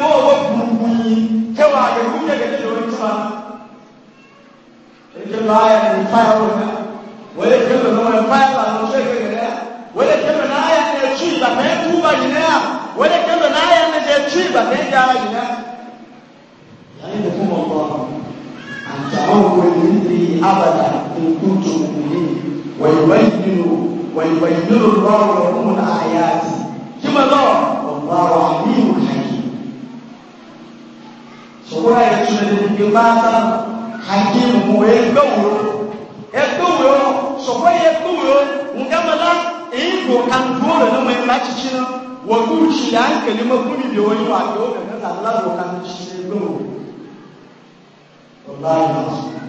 [SPEAKER 2] bó wọ gbùngbùn kẹwà àgbẹ̀kú kẹ̀kẹ́ lè wọ́n sá. Èké lọ ayẹ ní fáyà wọ̀ ká. Wọ́n lè kí lọ́nà wọn fáyà sá lọ sí èké kẹ̀kẹ́ yá. Wọ́n lè kí lọ́nà ayẹ ní ẹtú ìgbà mẹ́ kú bá yìí náà. Wọ́n lè kí lọ́nà ayẹ ní ẹtú ìgbà mẹ́ yá yìí náà.
[SPEAKER 1] Yàrá ìdè fún ọkọ àtàwọn ọmọ ìlú
[SPEAKER 2] abàdà ìkútù ìlú wọ̀nyíwọ̀ ìlú wọ̀nyíwọ̀ ìlú lọ́wọ́ ọ̀hún àyà àti kí mọ́ náà ọ̀gbà wà ní ìwòkè sọ̀kọ́ ayé túnbẹ̀ ní ìgbé bá bá hàkí mú ẹgbẹ́ wò ẹgbẹ́ wò sọ̀kọ́ ayé ẹgbẹ́ wò ngámẹ́lá èyí kò kàndúró rẹ̀ lọ́mọ ẹ̀rọ àchìchì náà wọ́n kú ìṣì yà ń kẹ̀lé mọ́ fún ìbí wọn yóò àgbẹ̀ ọ̀bẹ̀ mẹ́ta aláwọ̀ kàndúró ẹgbẹ́ wò ọ̀bá yìí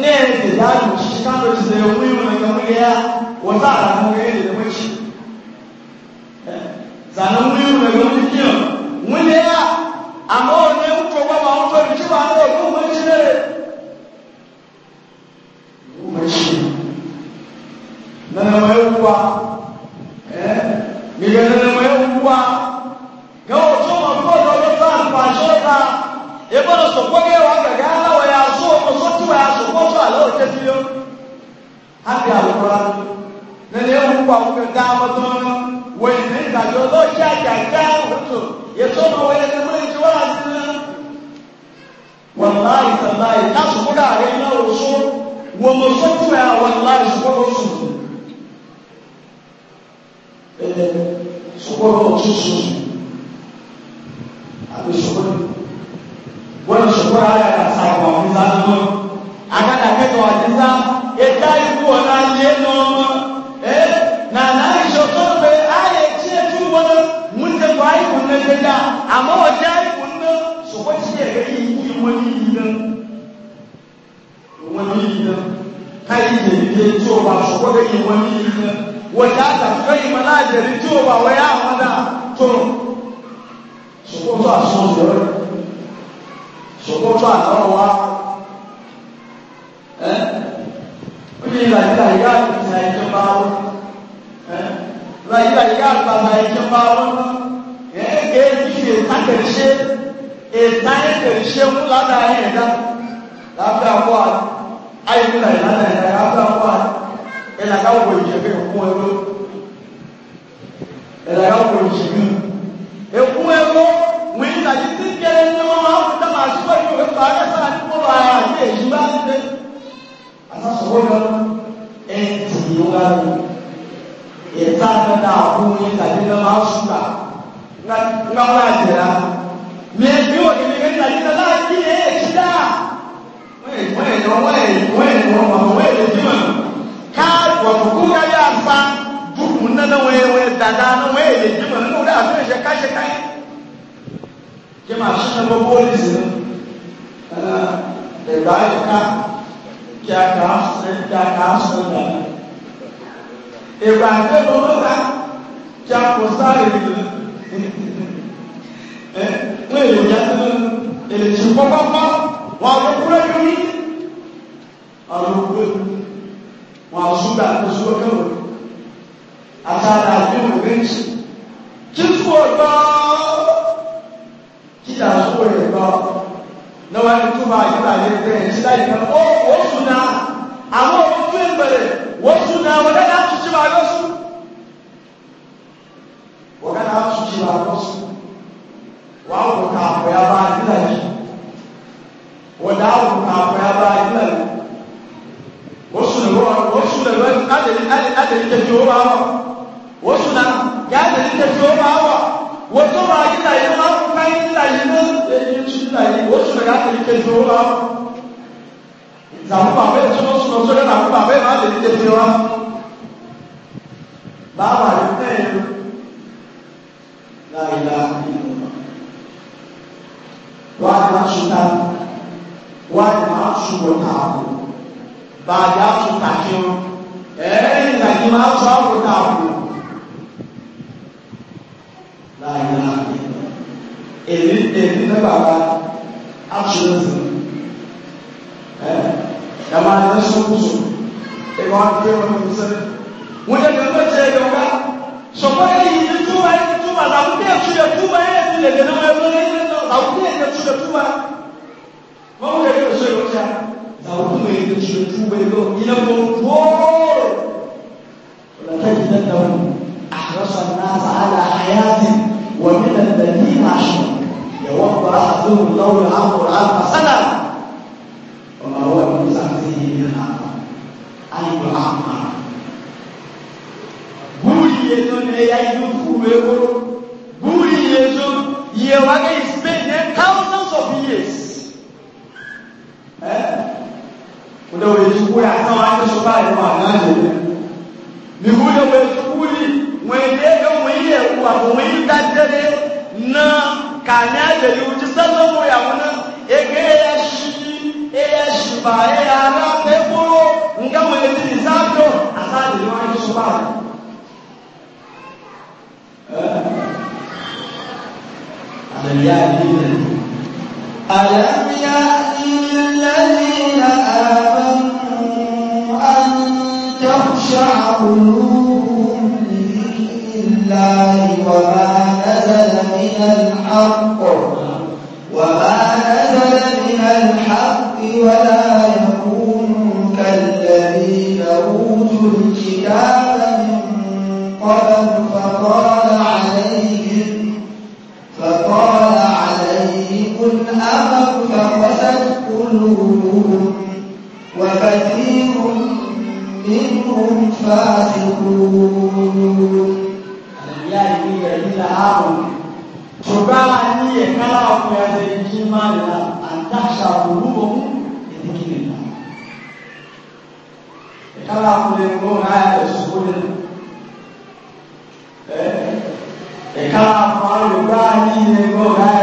[SPEAKER 2] ní ẹ̀rẹ́ tẹ̀lé àjò ṣíkàndó ti lè wí wọn ẹ̀kọ́ wọ́n sáà rà mọ́ ẹ̀rẹ́ tẹ̀lé wọ́n ṣì zànà wí wọn ẹ̀kọ́ mune ya ambao ni mtu kwa maoto nikiwa hapo kumwishile kumwishile na na wewe kwa eh migana na wewe kwa gao toma kwa ndio sana kwa shota
[SPEAKER 1] ebo na sokoge wanga gala wa yazo osotu wa yazo kwa alo tetilo
[SPEAKER 2] hadi alquran na leo kwa kwa dama tona wewe ndio ndio cha cha cha ya tsoma wani da mai ji wa'azin nan wallahi tallahi ka su kuda a rai na wasu wa masu tuya wallahi su kwaro su
[SPEAKER 1] su kwaro su su abin su kwaro wani
[SPEAKER 2] gbẹgbẹ dá àmọ́ ọjà ìwò ńlá ṣùgbọ́n tí ẹ̀rẹ́ yìí wọ́n ní yìí wọ́n ní yìí náà káyì tí o bá ṣùgbọ́n bẹ́ẹ̀ wọ́n ní yìí wọ́n já àtàkùn yìí náà yẹ̀rì tí o bá wọ́n yá àwọn náà tó
[SPEAKER 1] ṣùgbọ́n tó àṣọ ìjọba ṣùgbọ́n tó àtàwọn
[SPEAKER 2] ga yi ta karshe ta yi e karshe mu lada ya da lafiya kuwa ai kuna ya lada ya lafiya kuwa ila ka wo yi ke ku ero ila ka wo yi ke e ku ero mu ina yi ti ke ni mo ma ku ta ma su ko ni ko ba ka sa ni ko ba ya ni e ba ni de asa so wo yo en ti yo ga ni e ta na da ku ni ta ni ma su ta nga waajira mɛ bi o kele kele la yi ka laa ti yɛ kita wɛn wɛn yɔ wɛn wɛn yɔ ma wɛn yɛ juma kaa gɔfu k'u ka yɛ afa du kun nana wɛn wɛn dada na wɛn yɛ juma n'o de a fɛn ka sɛ ka yɛ jɛma a sɛ bɔ bɔɔli sɛ ɛɛ ɛgba yɛ ka kia kaa sɛ kia kaa sɛ da ɛgba yɛ bɔ n'o ka kia kɔ sáré yi lɛ wọ́n èlò ìyá tó èlè tí pápápá wọ́n àwọn kúrẹ́ lórí àwọn òkúrẹ́ wọ́n àwọn súgbà tó súgbà kẹwọ́ àtàrà àti òmìnirí kí fún ọgbà kí dà sówó rẹ̀ gbọ́ lọ́wọ́ ẹni tó máa yíra yẹ bẹ́ẹ̀ sí láyé kan ó ó sùn náà wọ́n sùn náà wọ́n dáná tuntun máa lọ wọ́n dáná tuntun máa lọ wawo kafo ya ba dilali wadawo kafo ya ba dilali wasu da wasu da wani adali adali da ke ba wa wasu na ya adali da ke ba wa wasu ba gida yi ma kuma yi dilali na yi shi dilali wasu da ya adali da ke ba wa zamu ba bai tsono su na tsoron abu ba bai ma adali da ke ba ba ba yi ne la ilaha wàásùtà wàásùwọ̀tààbò bàjẹ́ àsùtàkìrún ẹ̀ẹ́dì ìlàjì máa sọ àwòtààbò láàyè láàyè èyí èyí ní bàbá àṣùwẹ̀sì ẹ̀ dàmà ní sọ́kùsù ìwà àti ìwà ìwòsàn wọ́n yẹ kí wọ́n ti ẹ̀yọ̀ wá sọ̀kọ́ yẹ yìí ní túbà yẹ túbà làwọn bí ẹ̀tú yẹ túbà yẹ ẹ̀tú lè dẹ̀ náà ẹ̀rọ lẹ́yìn náà zawuye da tuba tuba mawuye da tuba tuba zawuye da tuba tuba yau ina bongo wala ta ji dan dawo ahrasa nas ala hayati wa min alladhina ashraku yawqa ahaduhum law al'amru alfa sana wa ma huwa bi sahbihi min al-a'ma ayu al-a'ma buri yezo ne yayu fuwe buri yezo yewa kai thousands of years. Wọ́n dẹ̀ wọ́n yẹ sukuu yà sàn wọ́n á ti sọ báyìí wọ́n àná yẹ dẹ́. Nìkú dẹ̀ wọ́n yẹ sukuu yìí wọ́n yẹ dẹ́ kẹ́ wọ́n yẹ wà wọ́n yẹ dá dẹ́dẹ́ na kàní àjẹyẹ wọ́n ti sẹ́nu wọ́n yà wọ́n náà ege yẹ si yẹ si ba yẹ yà rà pẹ́ kúrò nga wọ́n yẹ ti sá tó àtàlẹ́ wọ́n á
[SPEAKER 3] ti sọ báyìí. ألم يأتي الذين آمنوا أن تخشع قلوبهم لله وما نزل من الحق وما نزل من الحق ولا يكونوا كالذين أوتوا الكتاب من قبل فطال عليهم إنهم فاسقون
[SPEAKER 2] ṣùgbọ́n a ní ẹ̀ka láàpù ẹ̀sẹ̀ yìí máa yà àdáṣà òwúrọ̀
[SPEAKER 1] ìdíkìlì náà
[SPEAKER 2] ẹ̀ka láàpù ẹ̀kọ́ ráyà ẹ̀ṣùgbọ́n ẹ̀ ẹ̀ka láàpù àlùgbà
[SPEAKER 1] ní ẹ̀kọ́ ráyà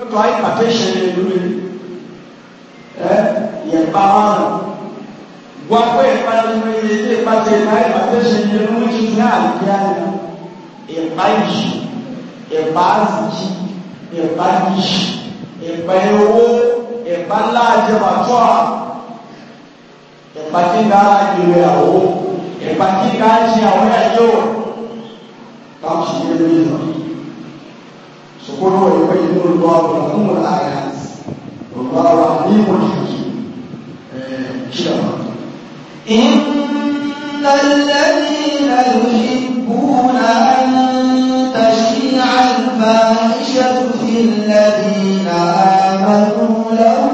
[SPEAKER 2] nípa hypertension yẹn lórí ẹ yẹn bá wà nù wọ́n pé ìpa lórí ilé ìpa tẹ̀ ìpa hypertension yẹn lórí ti ní àlùkí àná ìpa yìí ìpa àzìjì ìpa yìí ìpa owó ìpa ńlá àjẹmàtọ́ à ìpa kí n ká ìrẹ̀ àwọ̀ ìpa kí n ká ṣe àwọn ẹ̀yọ́ káwọn ṣe yẹn lórí ìlànà. سكون هو يبين الله
[SPEAKER 1] لهم الآيات والله عليم حكيم آه، إن
[SPEAKER 3] الذين يحبون أن تشيع الفاحشة في الذين آمنوا لهم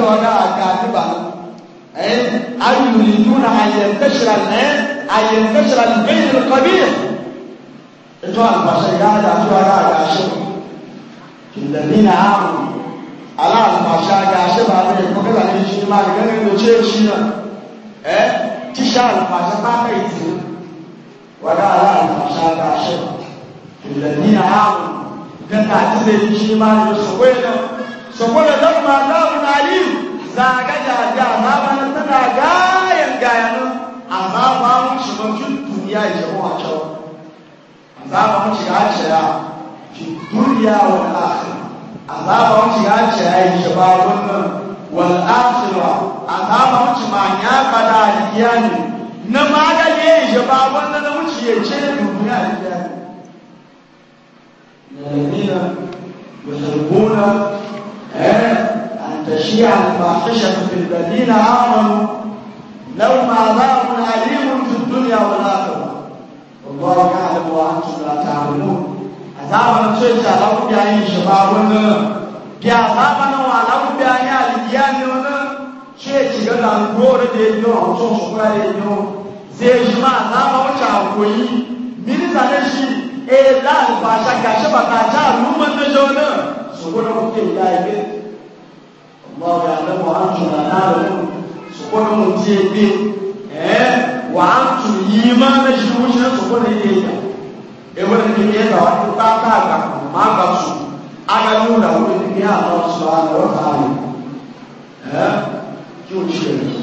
[SPEAKER 2] tó ọ̀gá àga níbà ẹ̀ ayùlì dúnà àyẹ̀ntẹ́sìrà lẹ́ àyẹ̀ntẹ́sìrà lẹ́yìn kọ́bí ètò àgbàṣe gáàdà tó ọ̀gá àga ṣe kìlẹ̀mí nà áhùn aláàgbàṣe àga ṣe bá rẹ̀ kọ́kẹ́lá ní ṣe máa rí gẹ́gẹ́ ló ṣe é ṣí náà ẹ̀ tíṣà àgbàṣe bá fẹ́ ìtì wọ́gá aláàgbàṣe àga ṣe kìlẹ̀mí nà áhùn gẹ́gẹ́ àti lè ṣe máa rí saboda zarma zafin alim zaga jaja na bana tana gayan gayanin amma ba mu shi mafi duniya ya zama a cewa azaba mu shiga cewa fi duniya wal akhir azaba mu shiga cewa ya shiga wannan wal akhir azaba mu shi ma ya fada aliyani na magani ya shiga wannan na muci ya ce duniya aliyani الذين تشيع الفاحشة في الذين آمنوا لهم عذاب أليم في الدنيا والآخرة والله يعلم وأنتم لا تعلمون عذاب نتوجه لهم بأي شبابنا بأعذابنا وعلم بأي ألياننا شيء تقول عن قول دينيو عن صوص قول دينيو زي جماعة عذاب وجه قوي من زنشي إلا الفاحشة كشبكة تعلمون نجونا سبحانه وتعالى الله يعلم وأنتم لا تعلمون سكون مجيبين وأنتم يما نجوشنا سكون إلينا ewele ni yẹn náà wọ́n bá ká àgbà máa bá sùn adájú náà wọ́n
[SPEAKER 1] ti ní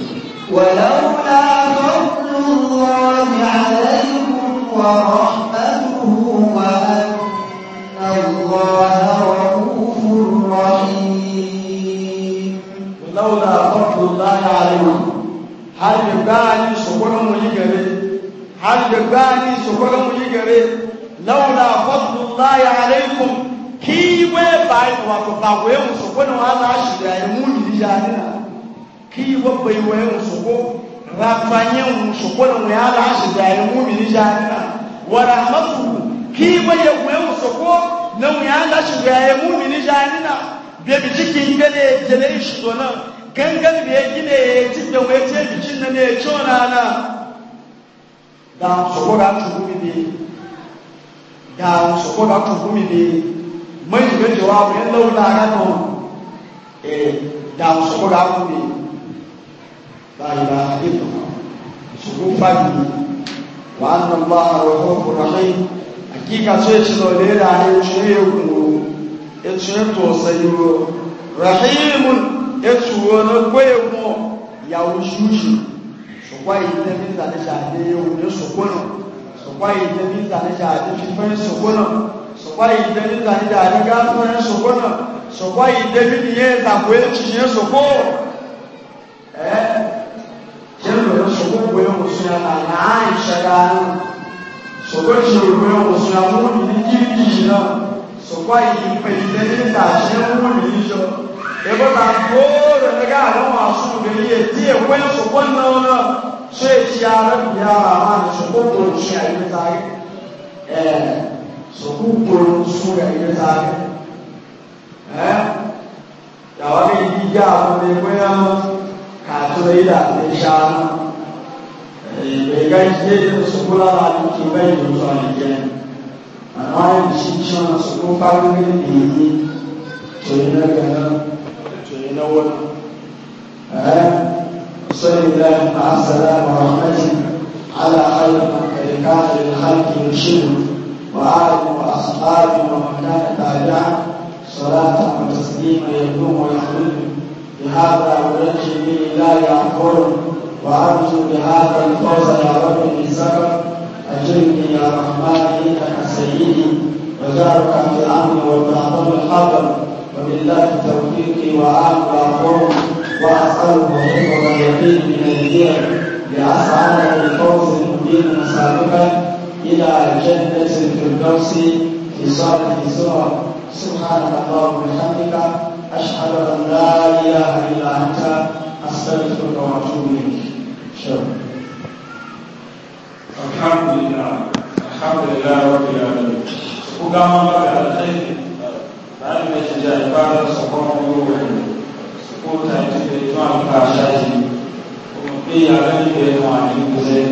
[SPEAKER 3] ولولا فضل الله عليكم ورحمته وأن الله
[SPEAKER 2] laula fadlullahi alaihim har ya gani sokoron mu yi gare har ya gani sokoron mu yi gare laula fadlullahi alaikum kiwe bai wato ba we mu sokoron wa za shi da yi mu yi jani na kiwe bai we mu soko rafanye mu sokoron wa za shi da yi mu yi jani na wa rahmatuhu kiwe ya na mu ya za shi da yi mu yi jani gangan da ya gina ya ji da wai ce bikin nan ya ci wani ana da sokora tugumi ne da sokora tugumi ne mai shiga jawabu yan laula rano da sokora tugumi ba yi ba haɗe ba su kun fadi wa annan ba a rahon kurashai hakika so ya ci zaune da ya ci ya kuma ya ci ya tosayi rahimun etu wani gwaye mu ya wushushi su kwaye ta min zane shade ya wune su kuna su kwaye ta min zane shade fifan su kuna su kwaye ta min zane shade gasuwan su kuna su kwaye ta min ye zakwe cinye su ko eh yin lori su kun gwaye musu ya na na aisha gano su kun shi gwaye musu ya mu ni kirki shi nan su kwaye ta min zane shade mu ni shi ebe ba kore daga abin masu gari ya tiye wani su wannan wani sai ci yaran yara ma da su kokoro shi a yi tare eh su kokoro su ga yi tare eh da wani yi ga abu ne wani katura yi da ne shanu bai ga yi da su kula da ke bai da su a jikin amma yin shi shi su kuma faru ne ne to yi na ganin ينور ها صلى الله مع السلام ورحمته على خير من كان للخلق يرشده وآله وأصحابه ومن كان تابعا صلاة وتسليما يدوم ويحمله بهذا ونجي به لا يعقل وأرجو بهذا الفوز يا رب من سبب أجرني يا رحمن إنك سيدي وجارك في الأمر وتعظم الخبر وبالله توفيقي وعافى قوم واساله حفظ اليقين من الجوع لاسعد بالفوز المبين سابقا الى جنه الفردوس في صالح الزهر سبحانك اللهم وبحمدك اشهد ان لا اله الا انت استغفرك واتوب اليك شكرا
[SPEAKER 1] الحمد لله الحمد لله رب العالمين وقام بك على الخير nami sijalipata sokoni wewe
[SPEAKER 2] sikuta tivetwankashaji kumupia venivetwanikuze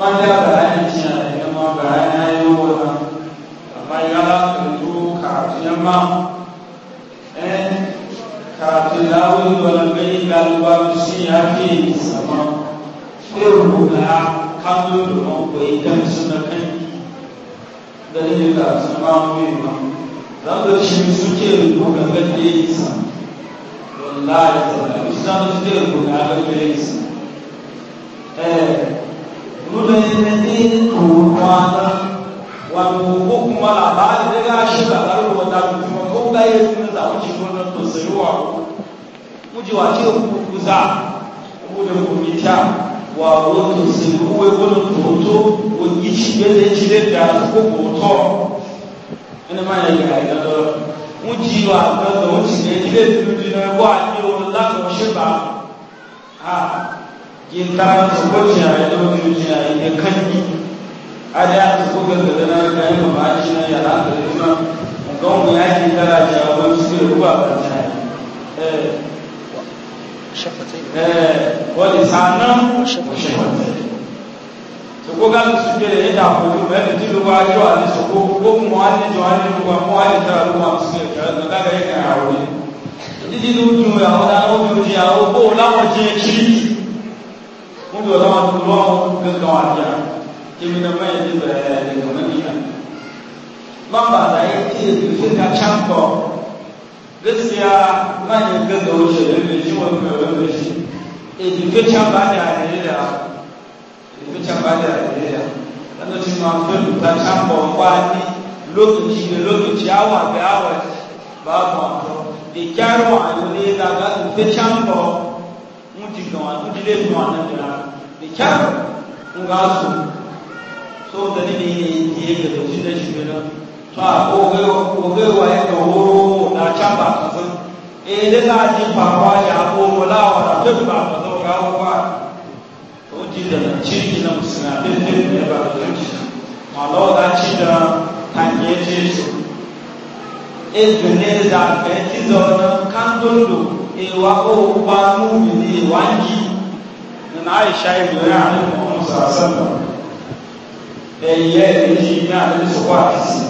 [SPEAKER 2] mandagayanitia enemwagayanayoona amayala kundu katuyama katulawiwalameyigalubabisiyaki sama eruga kamulumo kweitamisunak dalilin da sun mamuyi ba za su shi suke rubuta ganin yinsa wallahi tsarki su zama suke rubuta ganin yinsa nuna yanayin rubuta na wani ko kuma labari daga shi da ɗarin wata kuma ko da ya fi na zaɓi shi ko nan tosaiwa kujewa ce kuza ko da kuma ta wà wọ́n tó ṣe owó ẹgbọ́n tòótọ́ òyìn ṣìgbẹ́lẹ̀ ṣílẹ̀ dà kókò tọ́ ẹni máa yẹ kà ẹ̀dá lọ́rọ̀ wọ́n wa wà gbọ́dọ̀ wọ́n ti ṣe ilé ìdúdú náà wà ní ohun láti ọ̀ṣẹ́ bá a kí n ta ọkọ̀ tí a yẹ lọ́wọ́ tó jìnà ìyẹn kán yìí adé àtúkò gbẹgbẹ̀rẹ̀ náà ká yẹ màmá jí náà yàrá àgbẹ̀rẹ̀ náà nǹkan wọn yà á ti dára jà wọ́n ti ṣe ìrúbà bàjẹ́ ولسانا
[SPEAKER 1] soko ka lusu kele ye daa ko mɛ ni ti lugu ajo
[SPEAKER 2] ani soko ko mɔ ani jɔ ani lugu mɔ ani jɔ lugu a muso ye kɛlɛ nka ka ye ka ya wuli i ti n'u dun ya o la o dun ti ya o ko o la o tiɲɛ ci o jɔ la ma tu lɔ o bɛ de kɔnɔ ni ya. lamba la ye ti ye ti ka gaskiya manyan gaza wuce da mai shi wani mai wani shi education ba da arewa education ba da arewa ɗanda shi ma fi ta can bambani lokaci da lokaci awa da awa ba bambam da kyaro a yi da ga ta can ba mutu ga wani mutu laifin wani da da kyaro in ga su so da ne ne ya yi ga da shi da shi to a oge waye da wuro na can ba ka san eh da na ji fawa ya ko wala wala ta ba ka zo ga ba to ji da ci na musulma bin bin ne ba ka ci ma lo da ci da kan ye ji su e dune da ka ti zo na kan dondo e wa o ba mu ni wa ji na Aisha ibn Ali sallallahu alaihi wasallam ẹ̀yẹ́ èyí ní àdébísọ̀kọ́ àkìsí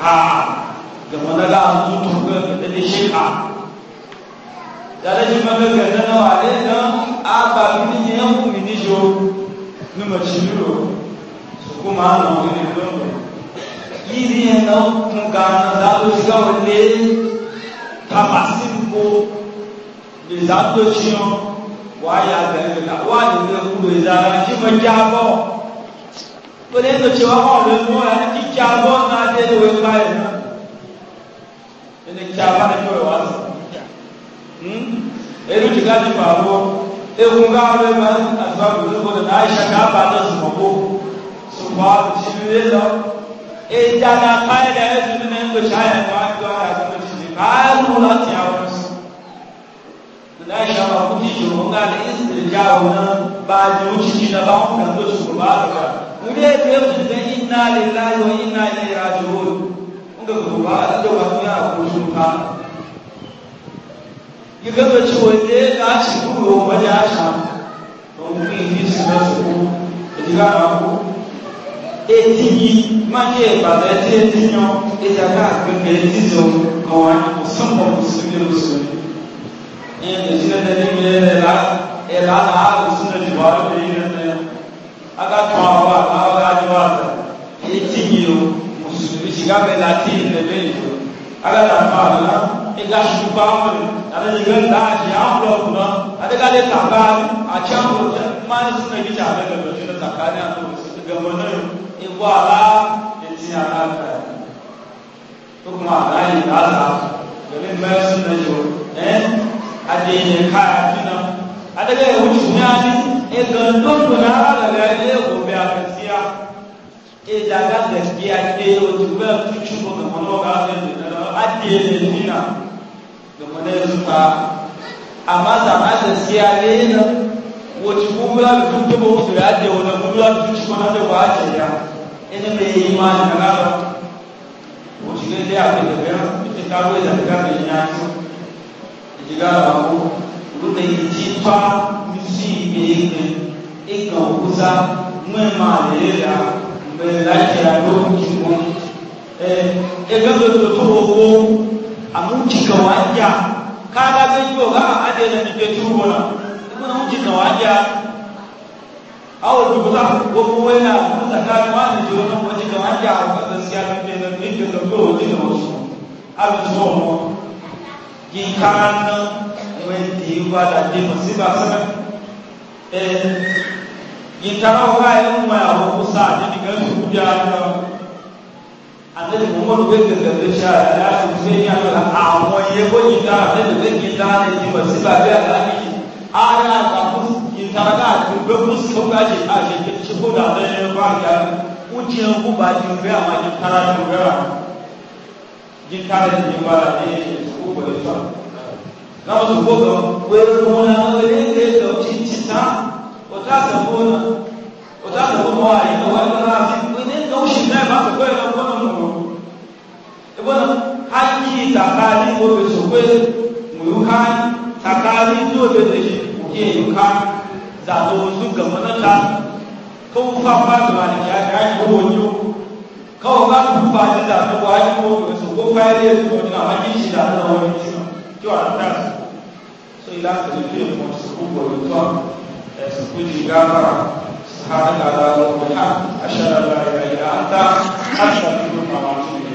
[SPEAKER 2] a gama na ga an tutu ga da da shi a da da shi magaga da na wale don a ba mini ne yan kuma ni jo ni ma ci niro su kuma da lo shiga wale ta
[SPEAKER 1] masin ko le za to shi wa ya ga ga wa
[SPEAKER 2] Podendo cewa hawa mu ya ki kyabo na de we kai. Ene kyaba ne ko wa. Hmm? Eru ki ga ni babo. E hun ga we ba azabu ne ko na Aisha ka ba da su mako. Su ba shi ne la.
[SPEAKER 3] E ja na kai da ya su ne ko shaya ba ko ya ko shi. Ka mu la ti hawa. Na Aisha ba ku ji ko ga da istirjawo nan
[SPEAKER 2] ba ji wuci na ba ku da su ba da muri ya ce yau da inna lillahi wa inna ilaihi raji'un mun ga gobe a da wasu ya ko shuka yi ga da ciwo ne ga shi duro wani asha to mun yi shi da su da diga ma ku eti yi ma ke ba da ti eti yo ita ka ga ga ti zo ka wani musamman musulmi musulmi ne da shi da ne ne la ela a sunna jibaru da yin nan akatɔn awa awa awa awa eti yi o musulmi si k'abɛ lati lɛbɛ yi o akatɔn awa la ega suba wani ale yi ka da asi awulɔ kuna ale ka le taba atsi awulɔ tɛ maa yi sinɛ kitsi abɛ lɛbɛ tɛ taka ne ato gɛmɛ ne ebu ala eti ala fɛ o kuma ala yi ala lɛbɛ mɛ sinɛ yi o ɛ adi yi ka yi na ale ka ewu tsi nyɛ ali igandondona alaga ne gobe a gaskiya ija ga gaskiya ke otu ba tuci ko ga mano ga ne da adiye ne nina da mana zuwa amma zama gaskiya ne na wacce kuma da duk da ba su ya je wani kuma ko na da ba ce ya ina bai yi ma na ba wacce ne da ya fi da ga ita ta wai da ga ne ya ji ga ba ko Lune jitwa mji meime Ika ukuza mwema lela Mbele laki ya doku kimu Ega zoto toho Amuchi kawanja Kala zejo haa adela nipetubona Kuna muchi kawanja Awo tukuta gogo wena Kuta kani wani jiona Muchi kawanja Kwa siya mbele Mbele mbele mbele mbele mbele mbele mbele mbele mbele gikana wenti wala dimsiba sana eh gitara wa yamma ya hukusa ni gan kuja na annabi Muhammad bai da da sha ya sai ya ga awon ye ko gitara da da gitara ne dimsiba ga alaki ara ta kus gitara ga ku be kus ko ga ji a ji ko da da ba ga ujian ku ba ji be amma gitara ku ga jikale nyumba yetu kubwa yetu na utukufu wewe unaangalia leo chichita utaza kuona utaza kuona na wala rafi wenendo ushindane basi kwa hiyo unaona mungu ebona haki takali kwa yesu kweli muyuhani takali ndio bebe ukie yuka za dozu gamana ta ko fa fa ma ni ya kai ko wonyo kawai ba su ba su da su ba shi ko su ko kai ne su wani na wani shi da na wani shi ki wa ta so ila ka ji fiye ko su ko ko to su ku ji gafara subhanaka la ilaha illa anta